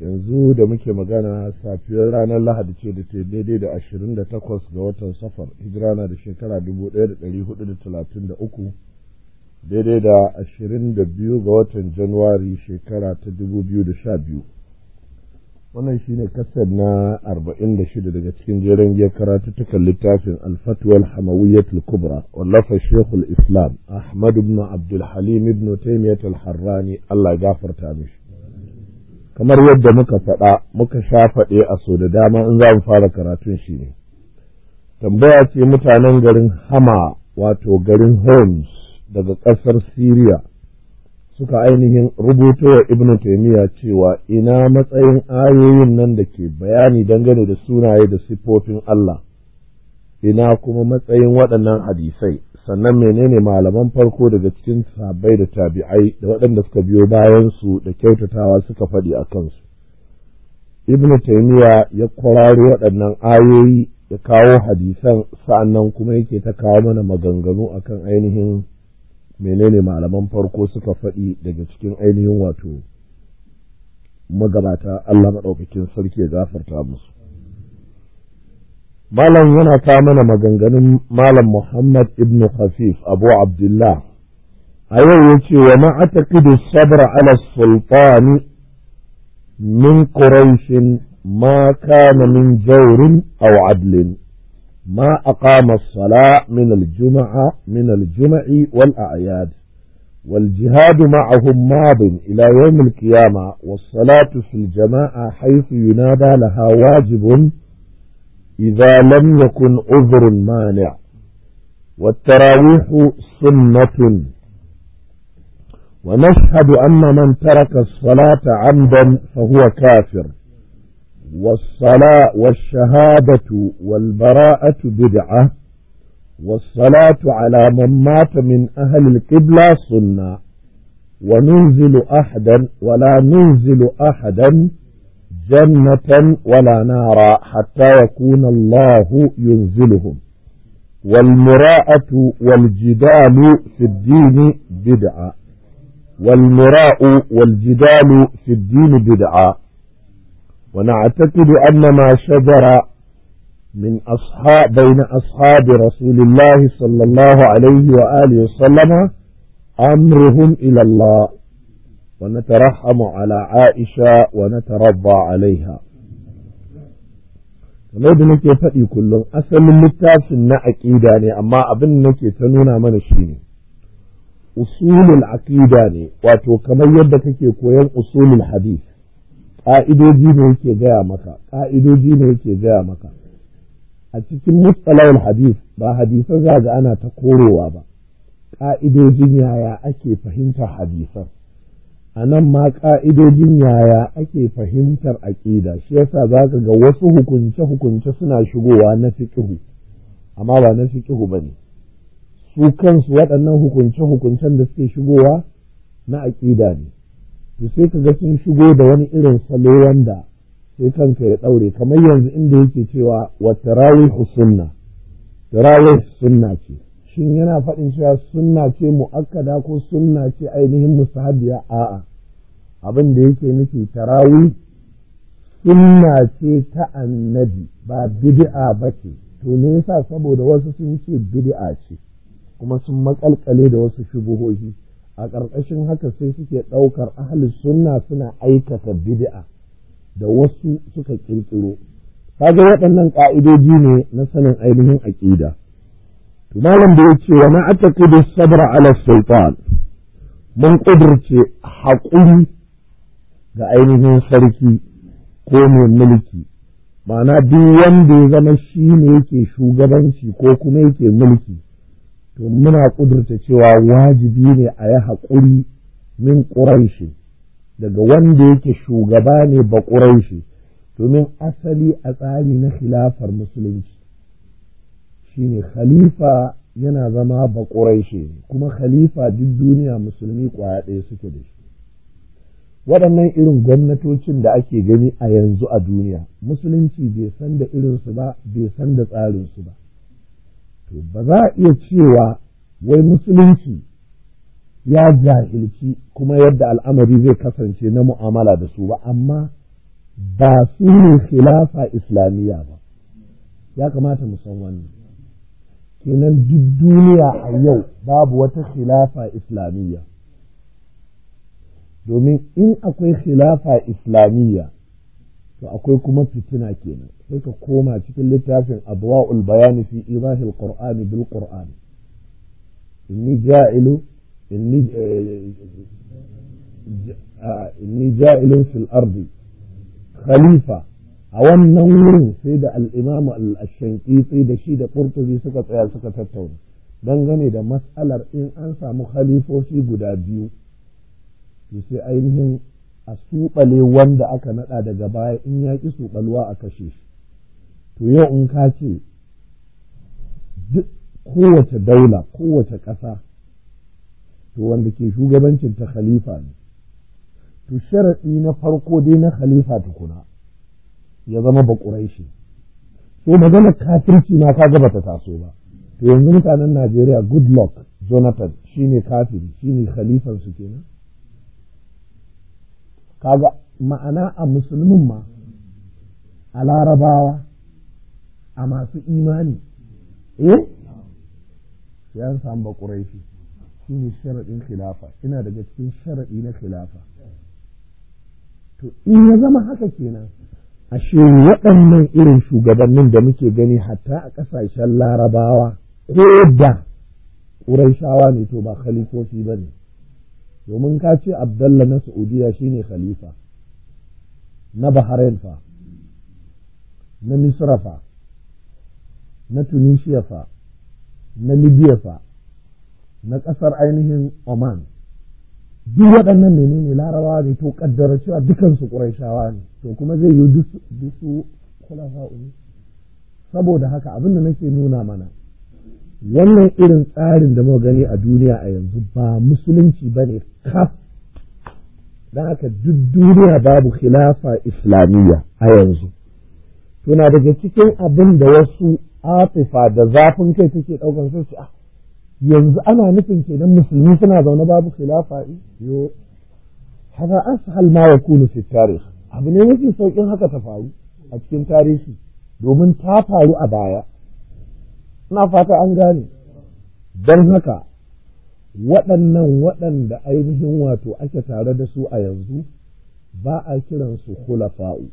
yanzu da muke magana safiyar ranar lahadi ce da ta daidai da ashirin da takwas ga watan safar hijira da shekara dubu ɗaya da ɗari hudu da talatin da uku daidai da ashirin da biyu ga watan januwari shekara ta dubu biyu da sha biyu wannan shine kasar na arba'in da shida daga cikin jeren giyar karatuttukan littafin alfatuwal hamawiyyatul kubra wallafa shekul islam ahmad ibn abdulhalim ibn taimiyat al-harrani allah gafarta mishi kamar yadda muka faɗa muka sha faɗe a so da dama in za mu fara karatun shi ne tambaya ce mutanen garin hama wato garin homs daga ƙasar syria suka ainihin rubuto wa ibn taimiya cewa ina matsayin ayoyin nan da ke bayani dangane da sunaye da siffofin Allah ina kuma matsayin waɗannan hadisai sannan menene malaman farko daga cikin sahabbai da tabi'ai da waɗanda suka biyo bayan su da kyautatawa suka faɗi a kansu ibn taymiya ya kwararo waɗannan ayoyi ya kawo hadisan sa'annan kuma yake ta kawo mana maganganu akan ainihin menene malaman farko suka faɗi daga cikin ainihin wato magabata Allah maɗaukakin sarki ya gafarta musu malam yana ta mana maganganun malam Muhammad ibn Khafif Abu Abdullah a yau yace wa ma ataqidu sabr ala sultani min quraish ma kana min jawrin aw adlin ما أقام الصلاة من الجمعة من الجمع والأعياد والجهاد معهم ماض إلى يوم القيامة والصلاة في الجماعة حيث ينادى لها واجب إذا لم يكن عذر مانع والتراويح سنة ونشهد أن من ترك الصلاة عمدا فهو كافر والصلاة والشهادة والبراءة بدعة والصلاة على من مات من أهل القبلة سنة وننزل أحدا ولا ننزل أحدا جنة ولا نارا حتى يكون الله ينزلهم والمراءة والجدال في الدين بدعة والمراء والجدال في الدين بدعة ونعتقد أن ما شجر من أصحاب بين أصحاب رسول الله صلى الله عليه وآله وسلم أمرهم إلى الله ونترحم على عائشة ونترضى عليها kamar da nake faɗi kullum asalin littafin na aƙida ne amma abin da nake ta nuna mana shi ne usulul aƙida ne wato kamar yadda kake koyan usulul hadith ƙa'idoji ne yake gaya maka ƙa'idoji ne yake gaya maka a cikin mustalahul hadith ba hadisan za ana ta korowa ba ƙa'idojin yaya ake fahimtar hadisan a nan ma ƙa'idojin yaya ake fahimtar aƙida shi yasa za ka ga wasu hukunce-hukunce suna shigowa na fiƙihu amma ba na fiƙihu ba ne su kansu waɗannan hukunce-hukuncen da suke shigowa na aƙida ne to sai ka ga sun shigo da wani irin salo wanda sai kanka ya ɗaure kamar yanzu inda yake cewa wa tarawih sunna tarawih sunna ce shin yana faɗin cewa sunna ce mu'akkada ko sunna ce ainihin musahabiya a'a abin da yake nufi tarawi sunna ce ta annabi ba bid'a ba ce to me yasa saboda wasu sun ce bid'a ce kuma sun makalkale da wasu shubuhohi a ƙarƙashin haka sai suke ɗaukar ahalin sunna suna aikata bid'a da wasu suka ƙirƙiro kaga waɗannan ƙa'idoji ne na sanin ainihin aƙida malam da yake wa na ataqidu sabra ala shaytan mun kudurce haƙuri ga ainihin sarki ko mai mulki Mana duk wanda ya zama shi ne yake shugabanci ko kuma yake mulki to muna kudurta cewa wajibi ne a yi haƙuri min ƙuraishi daga wanda yake shugaba ne ba ƙuraishi domin asali a tsari na khilafar musulunci shine khalifa yana zama bakurai shi kuma khalifa duk duniya musulmi kwaya ɗaya suke da shi waɗannan irin gwamnatocin da ake gani a yanzu a duniya musulunci bai san da irinsu ba bai san da tsarinsu ba to ba za a iya cewa wai musulunci ya jahilci kuma yadda al'amari zai kasance na mu'amala da su ba amma ba su ne khilafa islamiyya ba ya kamata mu san wannan kenan duk duniya a yau babu wata khilafa islamiyya domin in akwai khilafa islamiyya to akwai kuma fitina kenan sai ka koma cikin littafin abwa'ul bayani fi idahil qur'ani bil qur'ani inni ja'ilu inni eh, ah, fil ardi khalifa a wannan wurin sai da al'imamu sai da shi da ƙurtubi suka tsaya suka tattauna don dangane da matsalar in an samu halifofi guda biyu to sai ainihin a suɓale wanda aka naɗa daga baya in ya ƙi suɓalwa a kashe shi to yau in ka ce duk kowace daula kowace ƙasa to wanda ke shugabancin ta khalifa ne to sharaɗi na farko dai na khalifa tukuna ya zama bakuraishi so magana kafirci ma ka gaba ta taso ba to yanzu mutanen Najeriya good luck Jonathan shi shine kafiri ne khalifan su kenan kaga ma'ana a musulmin ma a larabawa a masu imani eh ya an samu shi ne sharaɗin khilafa ina daga cikin sharaɗi na khilafa to in ya zama haka kenan ashe waɗannan irin shugabannin da muke gani hatta a ƙasashen larabawa ko da ƙuraishawa ne to ba khalifofi ba ne domin ka ce abdalla na saudiya shine khalifa na bahrain fa na misra fa na tunisia fa na libya fa na ƙasar ainihin oman duk waɗannan menene larawa ne to kaddara cewa dukansu ƙuraishawa ne to kuma zai yi duk su kulafa saboda haka abin da nake nuna mana wannan irin tsarin da muka gani a duniya a yanzu ba musulunci ba ne kaf don haka duk duniya babu khilafa islamiyya a yanzu tuna daga cikin abin da wasu atifa da zafin kai take ɗaukar sai su ah yanzu ana nufin kenan musulmi suna zaune babu khilafa yo hada halma ma kunu fi tarihi. abu ne mafi saukin haka ta faru a cikin tarihi domin ta faru a baya ina fata an gane don haka waɗannan waɗanda ainihin wato ake tare da su a yanzu ba a kiransu khulafa'u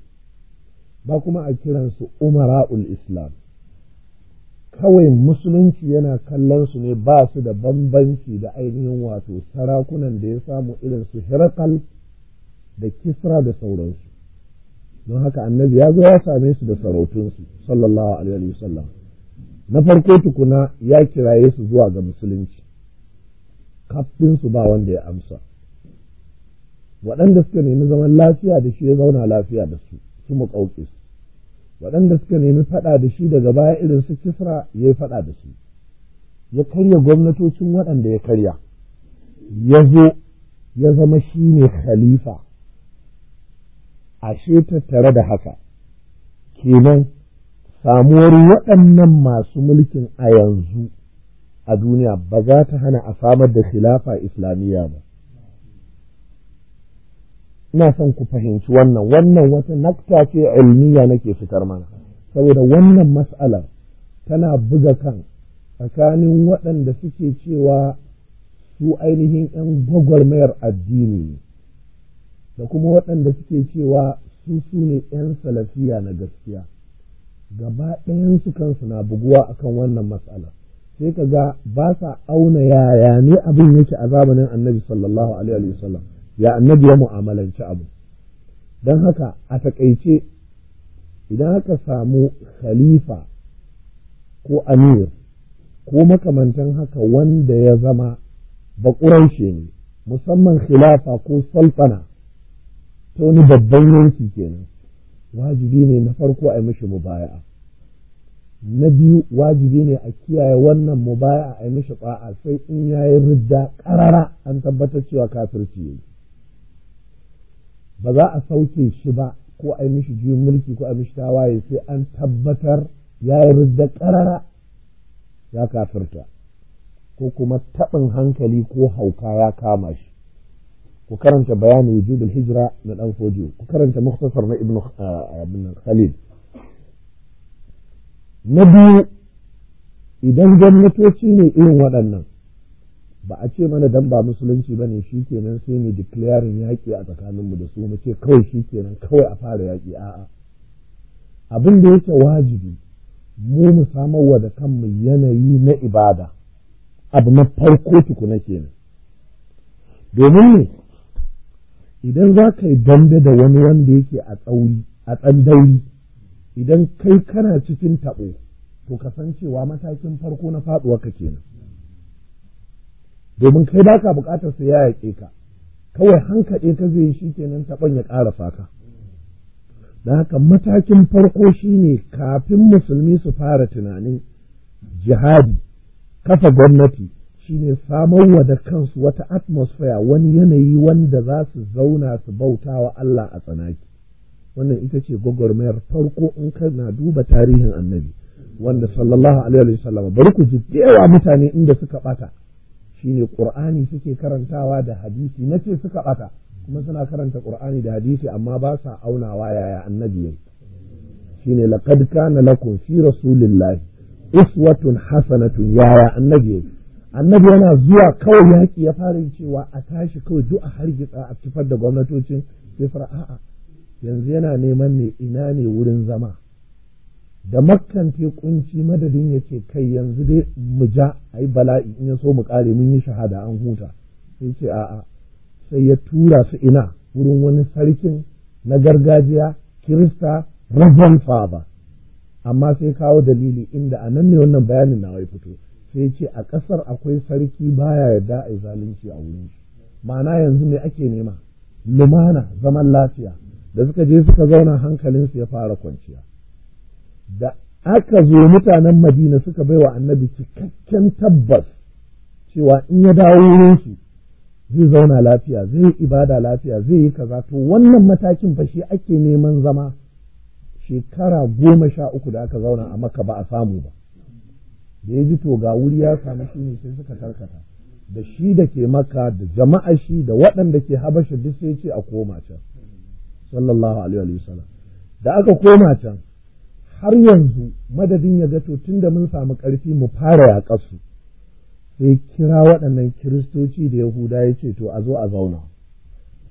ba kuma a kiransu umara'ul islam kawai musulunci yana kallon su ne ba su da bambanci da ainihin wato sarakunan da ya samu irin su hirakal da kisra da sauransu don haka annabi ya zo ya same su da sarautunsu sallallahu alaihi wa sallam na farko tukuna ya kiraye su zuwa ga musulunci su ba wanda ya amsa waɗanda suka nemi zaman lafiya da shi ya zauna lafiya da su su mu su waɗanda suka nemi faɗa da shi daga baya irin su kisra ya yi faɗa da shi ya karya gwamnatocin waɗanda ya karya ya zo ya zama shi ne khalifa ashe tattare da haka kenan samuwar waɗannan masu mulkin a yanzu a duniya ba za ta hana a samar da khilafa islamiyya ba ina son ku fahimci wannan wannan wata nakta ce ilmiya nake fitar mana saboda wannan mas'alar tana buga kan tsakanin waɗanda suke cewa su ainihin 'yan gwagwarmayar addini da kuma waɗanda suke cewa su su ne 'yan salafiya na gaskiya gaba ɗayansu kansu na buguwa akan wannan mas'ala sai ka ga ba sa auna yaya ne abin yake a zamanin annabi sallallahu alaihi wasallam ya annabi ya mu'amalanci abu don haka a taƙaice idan aka samu khalifa ko amir ko makamantan haka wanda ya zama bakuraushe ne musamman khilafa ko sultana ta wani babban yanki kenan wajibi ne na farko a yi mishi mubaya'a na biyu wajibi ne a kiyaye wannan mubaya'a a yi mishi ba'a sai in yayi ridda ƙarara an tabbatar cewa kafirci yake ba za a sauke shi ba ko a yi mishi juyin mulki ko a mishi tawaye sai an tabbatar ya yi da ƙarara ya kafirta ko kuma taɓin hankali ko hauka ya kama shi ku karanta bayanin wujudul hijira na ɗan fojiyo ku karanta muktasar na ibnu ah, khalil na biyu idan gwamnatoci ne irin waɗannan ba a ce mana dan ba musulunci bane shi kenan sai mu declaring yaƙi a tsakaninmu da su mu ce kawai shi kenan kawai a fara yaƙi a'a abin da yake wajibi mu mu samarwa da kanmu yanayi na ibada abu na farko tukuna kenan domin ne idan za ka yi dambe da wani wanda yake a tsauri a tsandauri idan kai kana cikin taɓo to ka san cewa matakin farko na faɗuwa ka kenan domin kai ba ka bukatar su ya yaƙe ka kawai hankaɗe ka zai yi shi kenan taɓon ya ƙara faka da haka matakin farko shine kafin musulmi su fara tunanin jihadi kafa gwamnati shine wa da kansu wata atmosphere wani yanayi wanda za su zauna su bauta wa Allah a tsanaki wannan ita ce gwagwarmayar farko in ka na duba tarihin annabi wanda sallallahu alaihi wasallam bari ku ji yawa mutane inda suka bata shine ƙur'ani suke karantawa da hadisi nace suka ɓata kuma suna karanta ƙur'ani da hadisi amma ba sa aunawa yaya annabi shi shine laqad kana lakum fi rasulillahi uswatun hasanatun yaya annabi yayi annabi yana zuwa kawai yaƙi ya fara cewa a tashi kawai duk a hargitsa a cifar da gwamnatocin sai fara a'a yanzu yana neman ne ina ne wurin zama da makance kunci madadin ya ce kai yanzu dai mu ja a bala'i in ya so mu kare mun yi shahada an huta sai ce a'a sai ya tura su ina wurin wani sarkin na gargajiya kirista rabban faba amma sai kawo dalili inda a nan ne wannan bayanin na wai fito sai ce a ƙasar akwai sarki baya yarda a yi zalunci a wurin ma'ana yanzu ne ake nema lumana zaman lafiya da suka je suka zauna hankalinsu ya fara kwanciya da aka zo mutanen madina suka baiwa annabi cikakken tabbas cewa in ya dawo wurinsu zai zauna lafiya zai yi ibada lafiya zai yi kaza to wannan matakin ba shi ake neman zama shekara goma sha uku da aka zauna a maka ba a samu ba da ya ji to ga wuri ya samu shi ne sai suka karkata da shi da ke maka da jama'a shi da waɗanda ke habasha duk sai ce a koma can sallallahu alaihi wasallam da aka koma can har yanzu madadin ya gato tun da mun samu ƙarfi mu fara yaƙa su sai kira waɗannan kiristoci da yahuda ya ce to a zo a zauna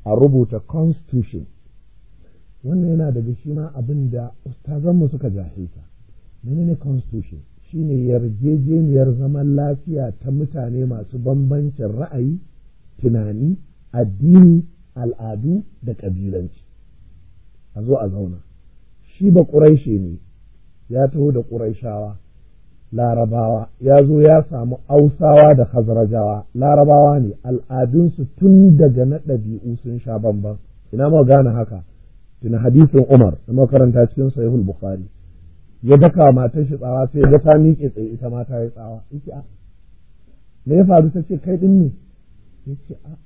a rubuta constitution wannan yana daga shi ma abin da ustazanmu suka jahilta ne constitution shine yarjejeniyar zaman lafiya ta mutane masu bambancin ra'ayi tunani addini al'adu da ƙabilanci a zo a zauna shi ba ƙurai ne ya taho da ƙuraishawa larabawa ya zo ya samu ausawa da hazarajawa larabawa ne al'adunsu tun daga na ɗabi'u sun sha bambam. ina ma gane haka tun hadisin umar na makaranta cikin sahihul bukhari ya daka matar shi tsawa sai ya ta miƙe tsaye ita ma ta yi tsawa a ah, me ya faru ta ce kai ɗin ne ya a ah,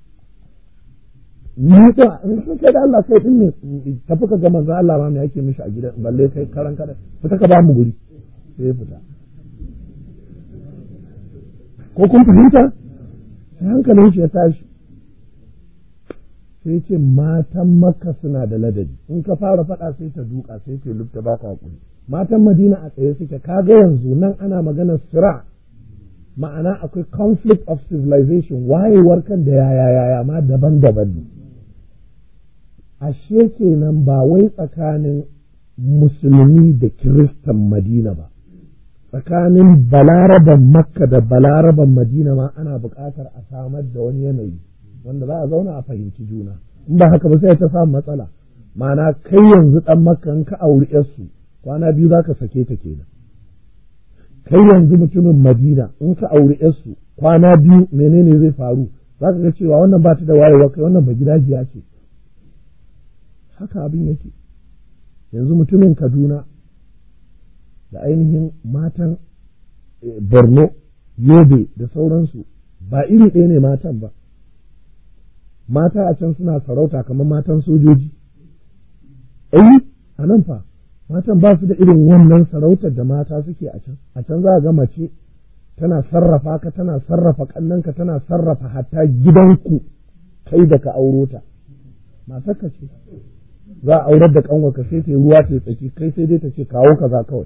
matsa in sun kai da Allah sai ne tafi ka ga manzo Allah ma me yake mishi a gidan balle kai karan kada fita ka ba mu guri sai fita ko kun fahimta hankalin shi ya tashi sai ce matan makka suna da ladabi in ka fara faɗa sai ta duka sai ce lubta ba ka hakuri matan madina a tsaye suke kaga yanzu nan ana maganar sira ma'ana akwai conflict of civilization wayewar kan da yaya yaya ma daban-daban ne ashe kenan ba wai tsakanin musulmi da kiristan madina ba tsakanin balaraban makka da balaraban madina ma ana buƙatar a samar da wani yanayi wanda za a zauna a fahimci juna in ba haka ba sai ta samu matsala ma'ana kai yanzu ɗan makka in ka auri yarsu kwana biyu za ka sake ta kenan kai yanzu mutumin madina in ka auri yarsu kwana biyu menene zai faru za ka ga cewa wannan ba ta da wayewa kai wannan ba gidajiya ce haka abin yake yanzu mutumin kaduna da ainihin matan eh, borno yobe da sauransu ba iri ɗaya ne matan ba mata a can suna sarauta kamar matan sojoji ayi a nan fa matan ba su da irin wannan sarautar da mata suke a can a can za a ga mace tana sarrafa ka tana sarrafa ƙannanka tana sarrafa hatta gidanku kai da ka auro ta ka ce za a aurar da ka sai sai ruwa sai tsaki kai sai dai ta ce kawo kaza kawai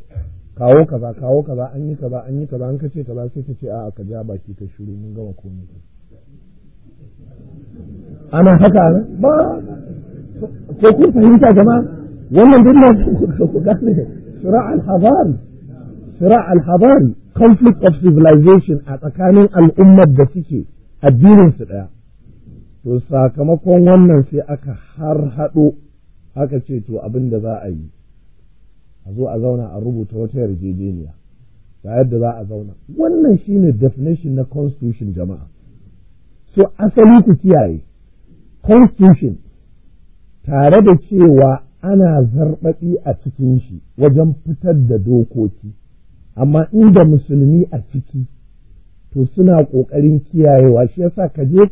kawo kaza kawo kaza an yi kaza an yi kaza an kace kaza sai ta ce a'a ka ja baki ta shiru mun gama komai ana haka ne ba ko kun fahimta jama'a wannan duk na ku gane shira al-hadari shira al-hadari conflict of civilization a tsakanin al'ummar da suke addinin su daya to sakamakon wannan sai aka har haɗo aka ce to abin da za a yi a zo a zauna a rubuta wata yarjejeniya ga yadda za a zauna wannan shine definition na constitution jama'a so asali ku kiyaye constitution tare da cewa ana zarɓaɗi a cikin shi wajen fitar da dokoki amma inda musulmi a ciki to suna ƙoƙarin kiyayewa shi yasa ka je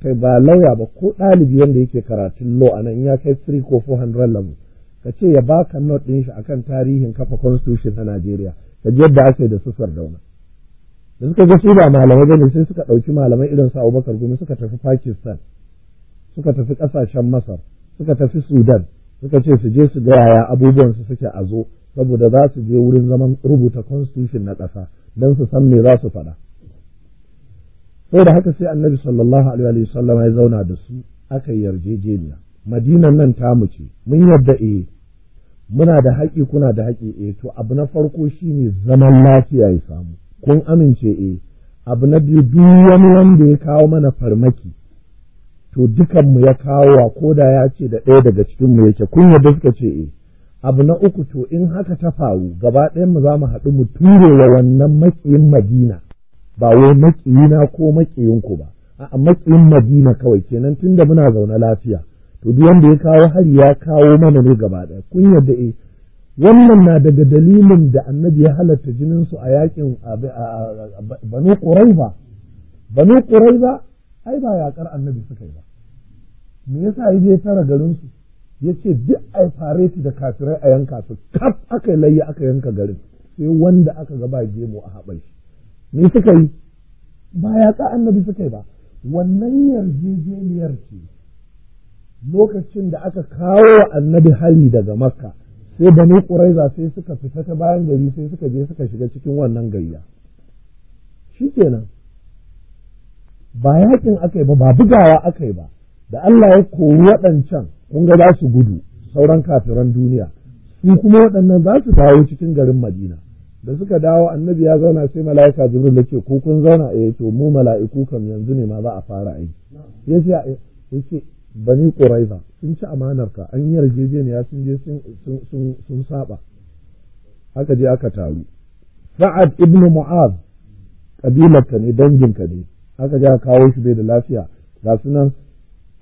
ka ba lauya ba ko ɗalibi wanda yake karatun law a nan ya kai 3 ko 400 level ka ce ya ka not ɗin shi akan tarihin kafa constitution na Najeriya ka je yadda aka yi da su dauna da suka ga su ba malamai bane sai suka ɗauki malamai irin su Abubakar Gumi suka tafi Pakistan suka tafi ƙasashen Masar suka tafi Sudan suka ce su je su ga yaya abubuwan su suke a zo saboda za su je wurin zaman rubuta constitution na ƙasa don su san me za su faɗa da haka sai annabi sallallahu alaihi wa sallam ya zauna da su aka yarjejeniya madinan nan ta mu ce mun yarda e, muna da haƙi kuna da haƙi eh to abu na farko shine zaman lafiya ya samu kun amince e, abu na biyu duk wani wanda ya kawo mana farmaki to dukanmu ya kawo ko da ya ce da ɗaya daga cikinmu yake kun yarda suka ce eh abu na uku to in haka ta faru gaba ɗayan mu za mu haɗu mu ture wa wannan makiyin madina ba wai makiyina ko makiyinku ba a makiyin madina kawai kenan tunda muna zaune lafiya to duk wanda ya kawo hari ya kawo mana ne gaba ɗaya kun yadda e eh? wannan na daga dalilin da annabi ya halatta su a yakin banu ƙuraiba banu ƙuraiba ai ba yaƙar annabi suka yi ba me yasa ya je tara garinsu ya ce duk a fare da kafirai a yanka su kaf aka layya aka yanka garin sai wanda aka gaba gemu a haɓai shi me suka yi ba ya ka annabi suka yi ba wannan yarjejeniyar ce lokacin da aka kawo wa annabi hali daga makka sai bani ƙuraiza sai suka fita ta bayan gari sai suka je suka shiga cikin wannan gayya shi kenan ba yakin aka yi ba ba bugawa aka yi ba da Allah ya koyi waɗancan kun ga za su gudu sauran kafiran duniya su kuma waɗannan za su dawo cikin garin madina da suka dawo annabi ya zauna sai mala'ika jibril da ke ko kun zauna a eh, yato mu mala'iku kam yanzu ne ma za a fara aiki ya ce yace bani quraiza sun ci amanar ka an yi yarjejeniya sun je sun saba aka je aka taru sa'ad ibnu mu'az kabilar ne dangin ka ne haka je aka kawo shi bai da lafiya ga sunan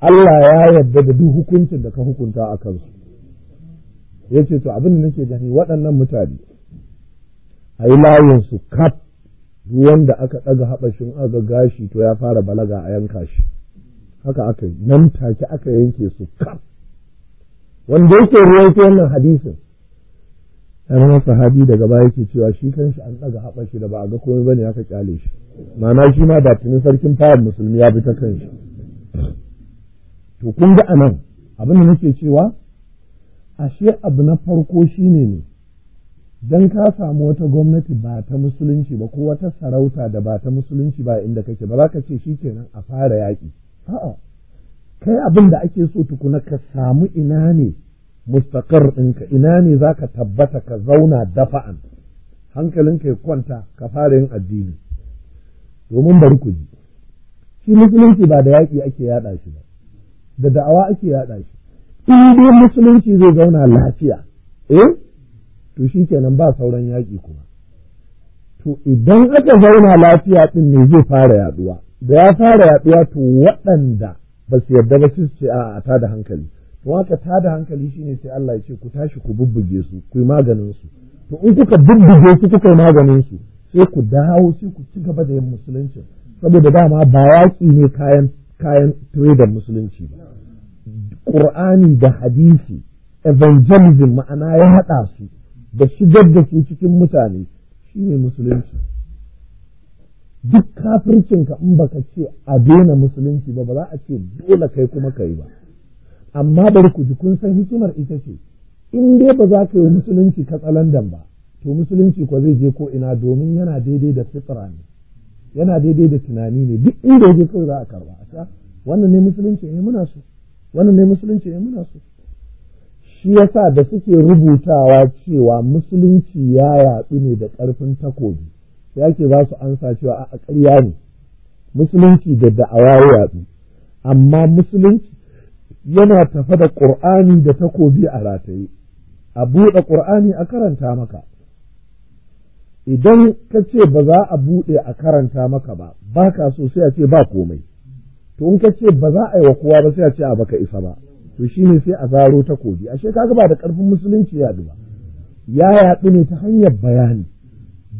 Allah ya yarda da duk hukuncin da ka hukunta a kansu ya ce to abin da nake gani waɗannan mutane a yi layinsu kaf Wanda aka ɗaga haɓashin aga gashi to ya fara balaga a yanka shi haka aka yi nan take aka yanke su kaf wanda yake ruwaito wannan hadisin ɗan sahabi daga baya yake cewa shi kanshi an ɗaga haɓashi da ba a ga komai ba ne aka ƙyale shi mana shi ma da tuni sarkin fayar musulmi ya bi ta kanshi to kun ga anan abin da nake cewa ashe abu na farko shine ne dan ka samu wata gwamnati ba ta musulunci ba ko wata sarauta da ba ta musulunci ba inda kake ba za ka ce kenan a fara yaƙi a'a kai abin da ake so tukuna ka samu ina ne mustaqar ɗinka ina ne za ka tabbata ka zauna dafa'an hankalin ya kwanta ka fara yin addini domin bari ku ji shi musulunci ba da yaƙi ake yaɗa shi ba da da'awa ake yaɗa shi in dai musulunci zai zauna lafiya eh to shi kenan ba sauran yaƙi kuma to idan aka zauna lafiya ɗin ne zai fara yaɗuwa da ya fara yaɗuwa to waɗanda ba su yarda ba su ce a ta da hankali to haka ta da hankali shine sai Allah ya ce ku tashi ku bubbuge su ku yi maganin su to in kuka bubbuge su kuka yi maganin su sai ku dawo sai ku ci gaba da yin musulunci saboda dama ba yaƙi ne kayan kayan musulunci ba ƙur'ani da hadisi evangelism ma'ana ya haɗa su da shigar da su cikin mutane shi ne musulunci duk kafircinka in baka ce a daina musulunci ba ba za a ce dole kai kuma kai ba amma bari ku ji kun san hikimar ita ce in dai ba za ka yi musulunci katsalandan ba to musulunci ko zai je ko ina domin yana daidai da fitra ne yana daidai da tunani ne duk inda ya je kawai za a karba a wannan ne musulunci ne eh, muna so wannan ne musulunci ne muna so shi yasa da suke rubutawa cewa musulunci ya yaɗu ne da ƙarfin takobi ya ke ba su ansa cewa a ƙarya ne musulunci da da'awa ya yaɗu. amma musulunci yana tafa da ƙur'ani da takobi a rataye a buɗe ƙur'ani a karanta maka idan ka ce ba za a buɗe a karanta maka ba ba ka so sai a ce ba komai to in ka ce ba za a yi wa kowa ba sai a ce a baka isa ba to shi ne sai a zaro takobi ashe kaga ba da ƙarfin musulunci ya ba ya yaɗu ne ta hanyar bayani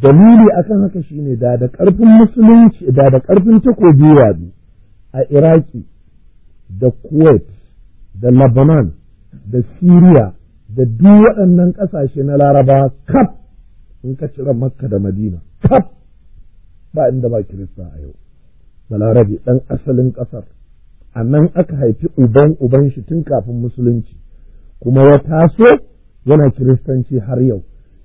dalili akan haka shine da da karfin musulunci da da karfin takobi yaɗu a iraki da kuwait da lebanon da Siriya, da duk waɗannan ƙasashe na laraba kaf in ka cire makka da madina kaf ba inda ba kirista a yau balarabe ɗan asalin ƙasar a nan aka haifi uban uban shi tun kafin musulunci kuma ya taso yana kiristanci har yau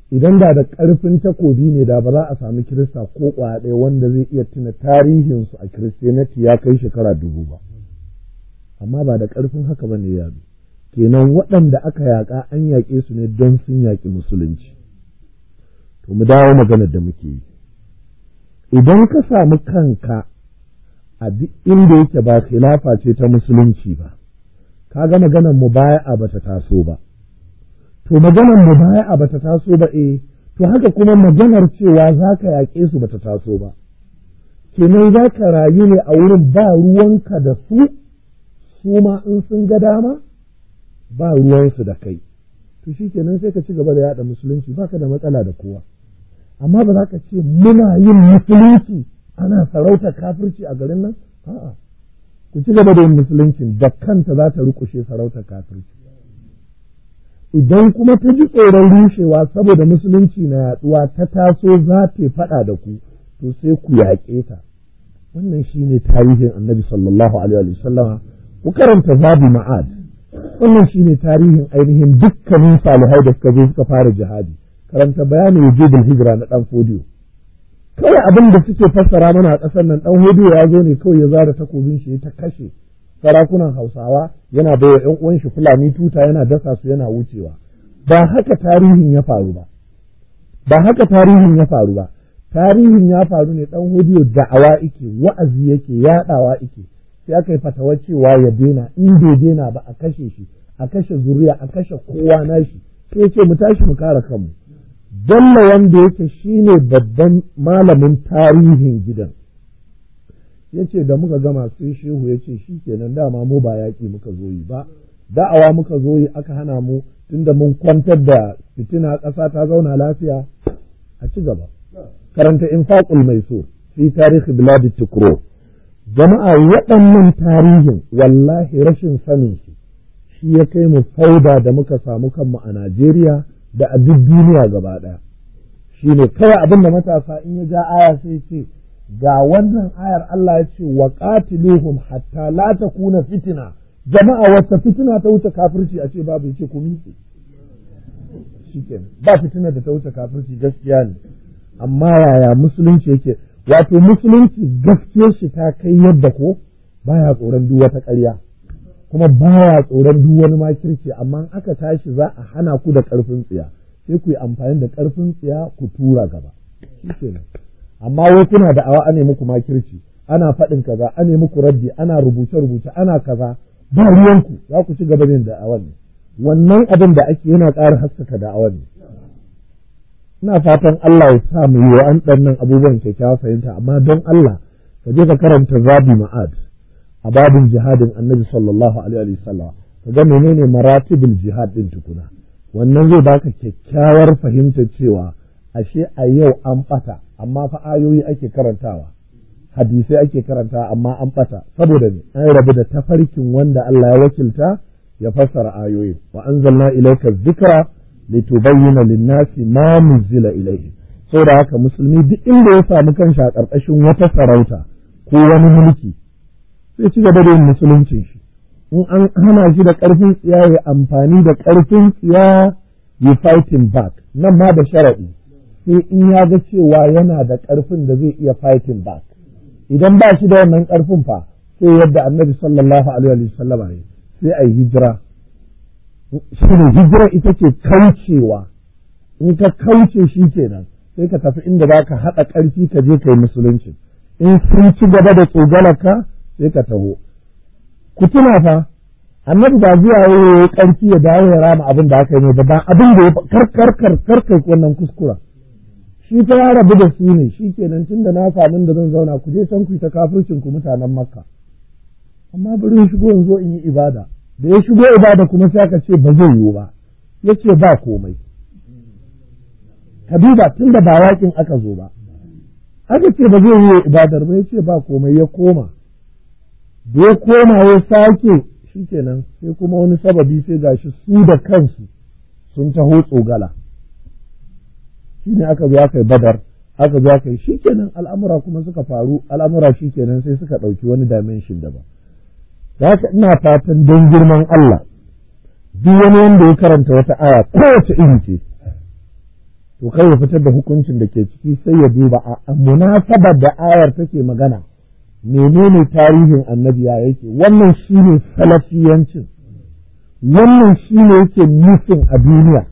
idan da da ƙarfin takobi ne da ba za a sami kirista ko ɗaya wanda zai iya tuna tarihinsu a kiristiyaniti ya kai shekara dubu ba amma ba da ƙarfin haka ba ne zo. kenan waɗanda aka yaƙa an yaƙe su ne don sun yaƙi musulunci to mu dawo maganar da muke yi idan ka samu kanka a duk inda yake ba khilafa ce ta musulunci ba ka ga maganar mubaya'a bata taso ba to maganar mubaya'a bata taso ba eh to haka kuma maganar cewa za ka yaƙe su bata taso ba kenan za ka rayu ne a wurin ba ruwanka da su su ma in sun ga dama ba ruwansu da kai to shi kenan sai ka ci gaba da yaɗa musulunci ba ka da matsala da kowa amma ba za ka ce muna yin musulunci ana sarauta kafirci a garin nan a'a ku ci gaba da yin musuluncin da kanta za ta rukushe sarauta kafirci idan kuma ta ji tsoron rushewa saboda musulunci na yaduwa ta taso za ta faɗa da ku to sai ku yaƙe ta wannan shine tarihin annabi sallallahu alaihi wa sallama ku karanta zabi ma'ad wannan shine tarihin ainihin dukkanin salihai da suka zo suka fara jihadi karanta bayanin wujudul hijira na ɗan fodiyo kawai abin da suke fassara mana a ƙasar nan ɗan hudu ya zo ne kawai ya zara takobin shi ta kashe sarakunan hausawa yana baiwa ƴan uwan shi fulani tuta yana dasa su yana wucewa ba haka tarihin ya faru ba ba haka tarihin ya faru ba tarihin ya faru ne ɗan hudu da'awa ike wa'azi yake yaɗawa ike sai aka yi fatawa cewa ya daina in bai daina ba a kashe shi a kashe zuriya a kashe kowa nashi shi sai ce mu tashi mu kare kanmu Bello wanda yake ne babban malamin tarihin gidan ya ce da muka gama sai shehu ya ce shi kenan dama mu ba yaƙi muka zo yi ba da'awa muka zo yi aka hana mu tunda mun kwantar da fitina ƙasa ta zauna lafiya a ci gaba karanta faƙul mai so fi tarihi biladi tukuro jama'a waɗannan tarihin wallahi rashin sanin shi shi ya kai mu fauda da muka samu kanmu a Najeriya da a duk duniya gaba ɗaya shi ne kawai abin da matasa in ya ja aya sai ce ga wannan ayar Allah ya ce wa qatiluhum hatta la takuna fitina jama'a wata fitina ta wuce kafirci a ce babu yace ku miƙe shikenan ba fitina da ta wuce kafirci gaskiya ne amma yaya musulunci yake wato musulunci gaskiyar shi ta kai yadda ko baya tsoron duk wata ƙarya kuma baya tsoron duk wani makirci amma aka tashi za a hana ku da ƙarfin tsiya sai ku yi amfani da ƙarfin tsiya ku tura gaba amma wai kuna da awa ane muku makirci ana faɗin kaza ane muku raddi ana rubuce rubuce ana kaza ba ruwanku za ku ci gaba da awan ne wannan abin da ake yana ƙara haskaka da awa ne ina fatan Allah ya sa mu yi wa an ɗannan abubuwan kyakkyawa fahimta amma don Allah ka je ka karanta zabi ma'ad a babin jihadin annabi sallallahu alaihi wasallam ka ga menene maratibul jihad din tukuna wannan zai baka kyakkyawar fahimtar cewa ashe a yau an bata amma fa ayoyi ake karantawa hadisai ake karanta amma an fata. saboda ne an rabu da tafarkin wanda Allah ya wakilta ya fassara ayoyi wa anzalna ilayka dhikra litubayyana lin-nasi ma nuzila ilayhi saboda haka musulmi duk inda ya samu kansa a ƙarƙashin wata sarauta ko wani mulki sai ci gaba da yin musulunci shi in an hana shi da ƙarfin tsiya ya amfani da ƙarfin tsiya ya fighting back nan ma da sharaɗi sai in ya ga cewa yana da ƙarfin da zai iya fighting back idan ba shi da wannan ƙarfin fa sai yadda annabi sallallahu alaihi wa sallam ya sai a yi hijira shirin hijira ita ce kaucewa in ka kauce shi kenan sai ka tafi inda za ka haɗa ƙarfi ka je ka yi musulunci in sun ci gaba da tsogalarka sai ka taho ku tuna fa annabi ba zuwa ya yi ƙarfi ya dawo ya rama abin da aka yi ba ba abin da ya karkar karkar wannan kuskura shi ta yara buga da su ne shi kenan tun da na samun da zan zauna ku je san ku ta kafircin ku mutanen makka amma bari in shigo in in yi ibada da ya shigo ibada kuma sai aka ce ba zai yiwu ba ya ce ba komai ka duba tun da ba waƙin aka zo ba aka ce ba zai yi ibadar ba ya ce ba komai ya koma be ya koma ya sake shi kenan sai kuma wani sababi sai gashi su da kansu sun taho tsogala shi ne aka zo aka badar aka zo aka yi shi kenan al'amura kuma suka faru al'amura shi kenan sai suka ɗauki wani dimension daban da ka ina fatan don girman Allah duk wani wanda ya karanta wata aya kowace iri ce to kai ya fitar da hukuncin da ke ciki sai ya duba a munasabar da ayar take magana menene tarihin annabi ya yake wannan shi salafiyancin wannan shi ne yake nufin a duniya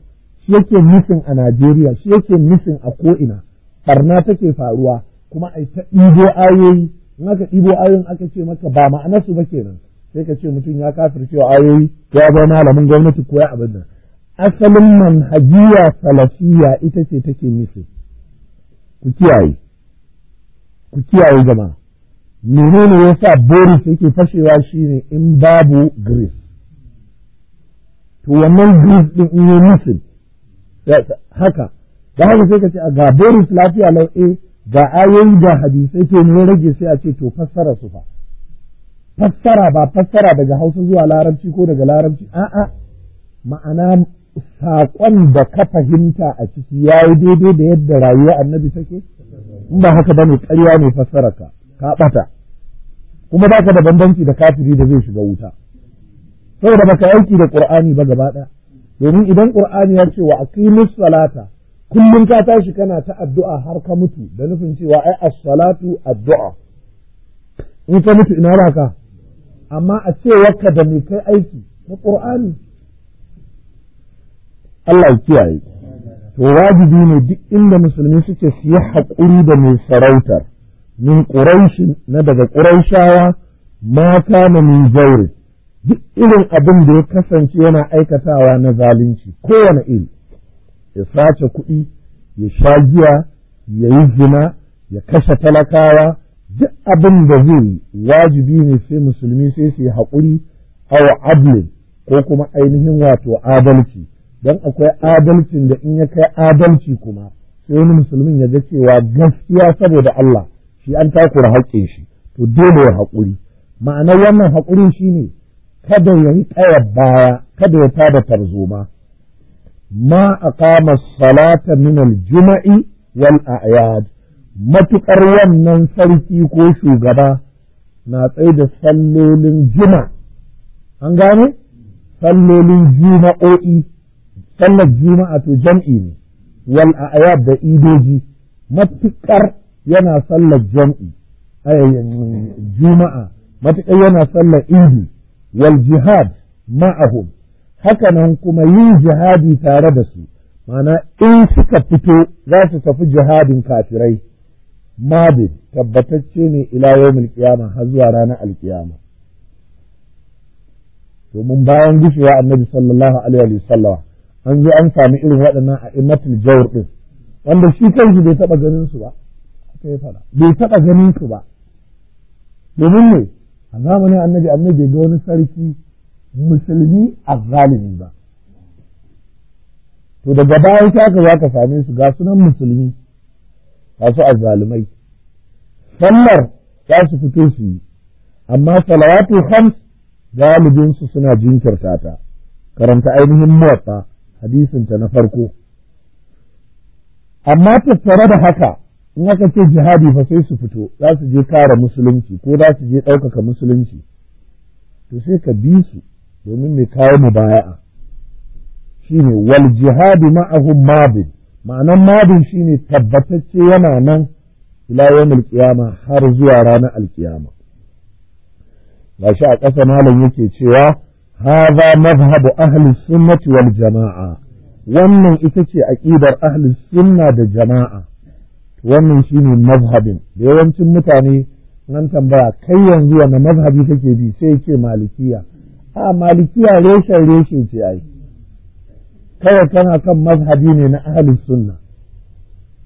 shi yake nufin a Najeriya shi yake nufin a ko'ina barna take faruwa kuma a ta ɗibo ayoyi in aka ɗibo ayoyin aka ce maka ba ma'anarsu ba kenan sai ka ce mutum ya kafircewa ayoyi ya ba malamin gwamnati ko ya abin nan asalin manhajiya salafiya ita ce take nufi ku kiyaye ku kiyaye jama'a menene sa boris yake fashewa shi ne in babu greece to wannan greece din in yi misil haka da haka sai ka ce a ga boris lafiya lau a eh, ga ayoyi da hadisai to ne rage sai a ce to fassara su fa fassara ba fassara daga hausa zuwa larabci ko daga larabci a'a ma'ana saƙon da ka fahimta a ciki ya yi daidai da yadda rayuwa annabi take in ba haka ba ne ƙarya ne ka ka ɓata kuma ba ka da bambanci da kafiri da zai shiga wuta saboda baka aiki da qur'ani ba gaba ɗaya domin idan qur'ani ya ce wa aqimus salata kullum ka tashi kana ta addu'a har ka mutu da nufin cewa ai as-salatu addu'a in ka mutu ina ba ka amma a ce wakka da me kai aiki na qur'ani Allah ya kiyaye to wajibi ne duk inda musulmi suke siya haƙuri da mai sarautar min quraishi na daga ƙuranshawa ma kana min zauri duk irin abin da ya kasance yana aikatawa na zalunci kowane iri ya sace kuɗi ya sha giya ya yi zina ya kashe talakawa duk abin da zai wajibi ne sai musulmi sai su yi haƙuri awa adlin ko kuma ainihin wato adalci don akwai adalcin da in ya kai adalci kuma sai wani musulmin ya ga cewa gaskiya saboda Allah shi an takura haƙƙin shi to dole ya haƙuri ma'anar wannan haƙuri ne kada ya yi ƙayar baya kada ya tada tarzoma ma a kama salata min aljuma'i jumai wal a'yad matukar wannan sarki ko shugaba na tsaye da sallolin juma an gane sallolin juma'o'i sallar juma'a to jam'i ne wal a'yad da idoji matuƙar. yana sallar jam'i juma'a matuƙar yana sallar idi wal jihad ma'ahum nan kuma yin jihadi tare da su mana in suka fito za su tafi jihadin kafirai mabin tabbatacce ne ila yawmin qiyama har zuwa ranar alkiyama mun bayan gushewa annabi sallallahu alaihi wasallam an zo an samu irin waɗannan a imatul jawr din wanda shi kanshi bai taɓa ganin su ba haka ya faɗa bai taɓa ganin su ba domin ne a zamanin annabi annabi ga wani sarki musulmi azzalimi ba to daga baya ta ka za ka same su ga sunan musulmi ga su azzalimai sallar za su fito su yi amma salawatu khams galibin su suna jinkirta ta karanta ainihin muwatta hadisin ta na farko amma tattare da haka in aka ce jihadi fa sai su fito za su je kare musulunci ko za su je ɗaukaka musulunci to sai ka bi su domin mai kawo mu baya'a ne wal jihadi ma'ahum mabin ma'anan mabin shi ne tabbatacce yana nan ila yawmul har zuwa ranar alkiyama shi a ƙasa malam yake cewa hadha mazhabu ahli sunnati wal jama'a wannan ita ce aqidar ahli sunna da jama'a wannan shi ne mazhabin da yawancin mutane nan tambaya kai yanzu wani mazhabi kake bi sai ce malikiya a malikiya reshen reshe ce ai kawai tana kan mazhabi ne na ahalin sunna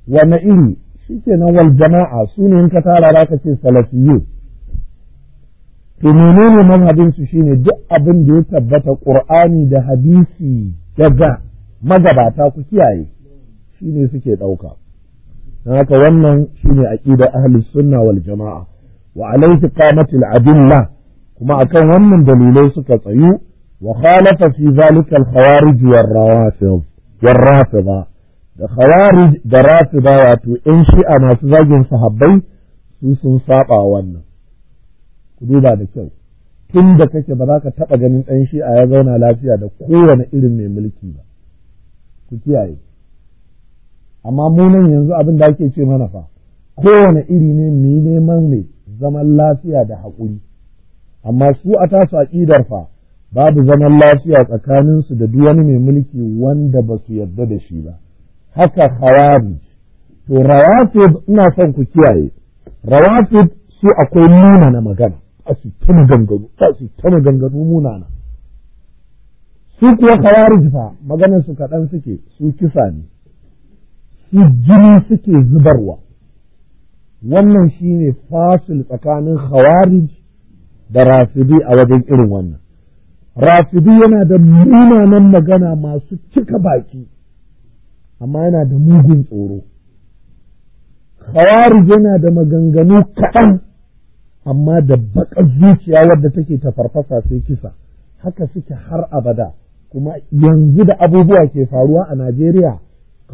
wani iri shi ke nan wal jama'a su ne in ka tara za ka ce salafiyu to menene mazhabin su shine duk abin da ya tabbata qur'ani da hadisi daga magabata ku kiyaye shine suke ɗauka. haka wannan shine aqida ahli sunna wal jamaa wa alayhi qamatil adilla kuma akan wannan dalilai suka tsayu wa khalafa fi zalika al khawarij war rawafid ba da khawarij da rafida wato in shi'a masu zagin sahabbai su sun saba wannan ku duba da kyau tun da kake ba za ka taɓa ganin ɗan shi'a ya zauna lafiya da kowane irin mai mulki ba ku kiyaye amma munan yanzu abin da ake ce mana fa kowane iri ne mu neman mai zaman lafiya da haƙuri amma su a tasu aƙidar fa babu zaman lafiya tsakaninsu da duk wani mai mulki wanda ba su yarda da shi ba haka hawari to rawatib ina son ku kiyaye rawatib su akwai nuna na magana a su ta maganganu a su ta maganganu munana su kuwa kawarin fa maganar su kaɗan suke su kisa ne su jini suke zubarwa wannan shi ne fasil tsakanin khawarij da rafidi a wajen irin wannan rafidi yana da munanan magana masu cika baki amma yana da mugun tsoro khawarij yana da maganganu kaɗan amma da baƙar zuciya wadda take ta farfasa sai kisa haka suke har abada kuma yanzu da abubuwa ke faruwa a Najeriya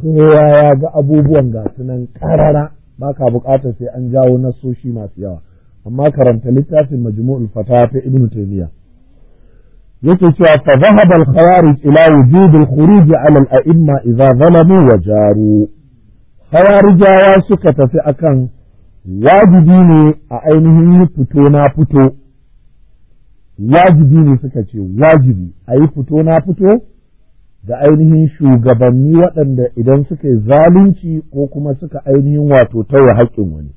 kowa ya ga abubuwan gasu nan karara ba ka bukatar sai an jawo nasoshi masu yawa amma karanta littafin majmu'ul fatawa ta ibnu taymiya yake cewa fa dhahaba al-khawarij ila wujud al-khuruj ala al-a'imma idza zalamu wa jaru khawarijawa suka tafi akan wajibi ne a ainihin yi fito na fito wajibi ne suka ce wajibi ayi fito na fito da ainihin shugabanni waɗanda idan suka yi zalunci ko kuma suka ainihin wato tauye haƙƙin wani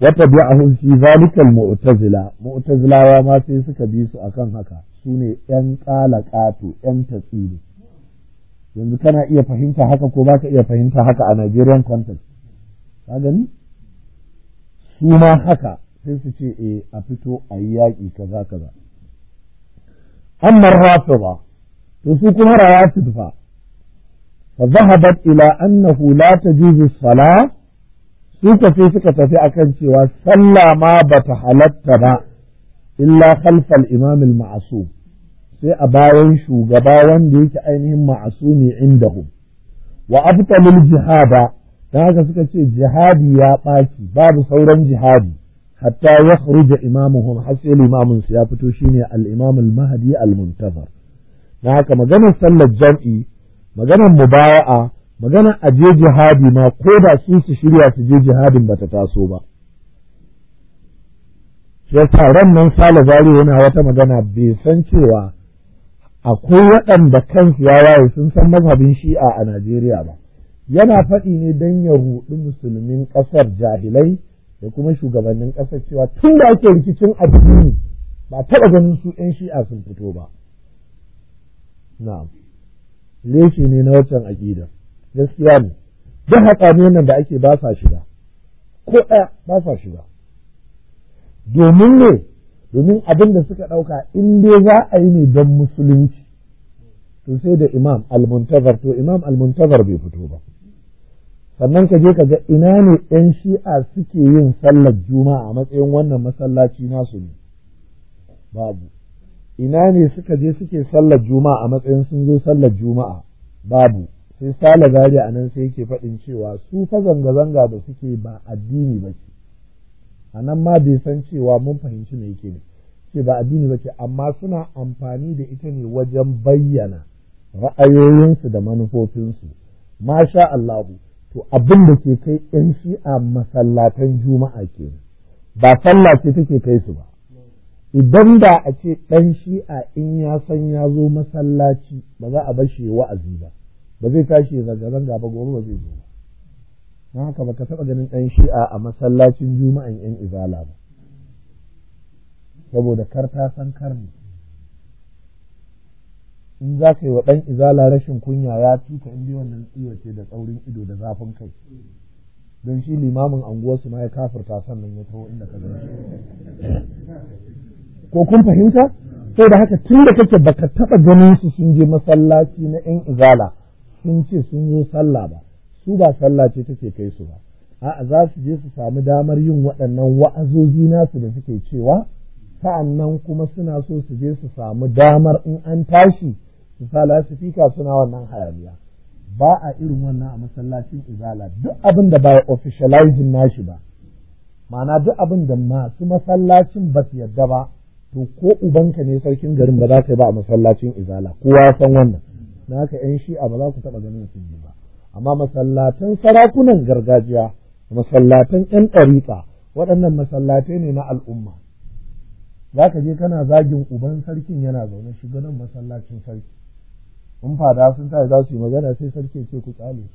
wata biya ahun fi zalikal mu'tazila mu'tazilawa ma sai suka bi su akan haka su ne ƴan ƙalaƙato ƴan tatsiri. yanzu kana iya fahimta haka ko baka iya fahimta haka a Nigerian context ka gani su ma haka sai su ce eh, a fito a yi yaƙi kaza kaza amma ba. to su kuma rawatib fa fa zahabat ila annahu la tajuzu salah su ka suka tafi akan cewa sallah ma bata halarta ba illa khalfal imamil al sai a bayan shugaba wanda yake ainihin ma'asumi indahum wa aftalul jihada dan haka suka ce jihadi ya ɓaci babu sauran jihadi hatta ya kharuja imamuhum har sai limamin su ya fito shine al-imam al-mahdi al na haka maganar sallar jam'i maganar mubaya'a maganar aje jihadi ma ko da su su shirya su je jihadin ba ta taso ba yasa ran nan sale zari yana wata magana bai san cewa akwai waɗanda kansu ya waye sun san mazhabin shi'a a Najeriya ba yana faɗi ne don ya ruɗi musulmin ƙasar jahilai da kuma shugabannin ƙasar cewa tun da ake rikicin addini ba taɓa ganin su 'yan shi'a sun fito ba. na'am leshi ne na wancan aqida gaskiya ne duk hatsaniyan nan da ake ba sa shiga ko ɗaya ba sa shiga domin ne domin abin da suka ɗauka in dai za a yi ne don musulunci to sai da imam almuntazar to imam almuntazar bai fito ba sannan ka je ka ga ina ne ɗan shi'a suke yin sallar juma'a a matsayin wannan masallaci nasu ne babu ina ne suka je suke sallar juma'a a matsayin sun zo sallar juma'a babu sai sale gari a nan sai yake faɗin cewa su fa zanga-zanga da suke ba addini ba ce a nan ma bai san cewa mun fahimci me yake ne ce ba addini ba ce amma suna amfani da ita ne wajen bayyana ra'ayoyinsu da manufofinsu masha Allahu to abin da ke kai 'yan shi'a masallatan juma'a ke ba sallah ce take kai su ba idan ba a ce ɗan shi'a in ya san ya zo masallaci ba za a bar shi wa'azi ba ba zai tashi zaga zanga ba gobe ba zai zo ba na haka ba ka taɓa ganin ɗan shi'a a masallacin juma'an yan izala ba saboda kar ta san kar ne in za ka yi wa ɗan izala rashin kunya ya tuka in dai wannan tsiwace da tsaurin ido da zafin kai don shi limamin anguwarsu ma ya kafirta sannan ya taho inda ka gani ko kun fahimta sai da haka tun da kake baka taɓa ganin su sun je masallaci na yan izala sun ce sun zo sallah ba su ba sallah ce take kai su ba a'a za su je su samu damar yin waɗannan wa'azozi nasu da suke cewa sa'annan kuma suna so su je su samu damar in an tashi su sa lasifika suna wannan hayaniya ba a irin wannan a masallacin izala duk abin da ba ya nashi ba ma'ana duk abin da masu masallacin ba su yadda ba to ko ubanka ne sarkin garin ba za ka yi ba a masallacin izala ya san wannan na haka yan shi'a ba za ku taɓa ganin sun ba amma masallatan sarakunan gargajiya masallatan yan ɗariƙa waɗannan masallatai ne na al'umma za ka je kana zagin uban sarkin yana zaune shi ganin masallacin sarki in fada sun tare za su yi magana sai sarki ke ku tsale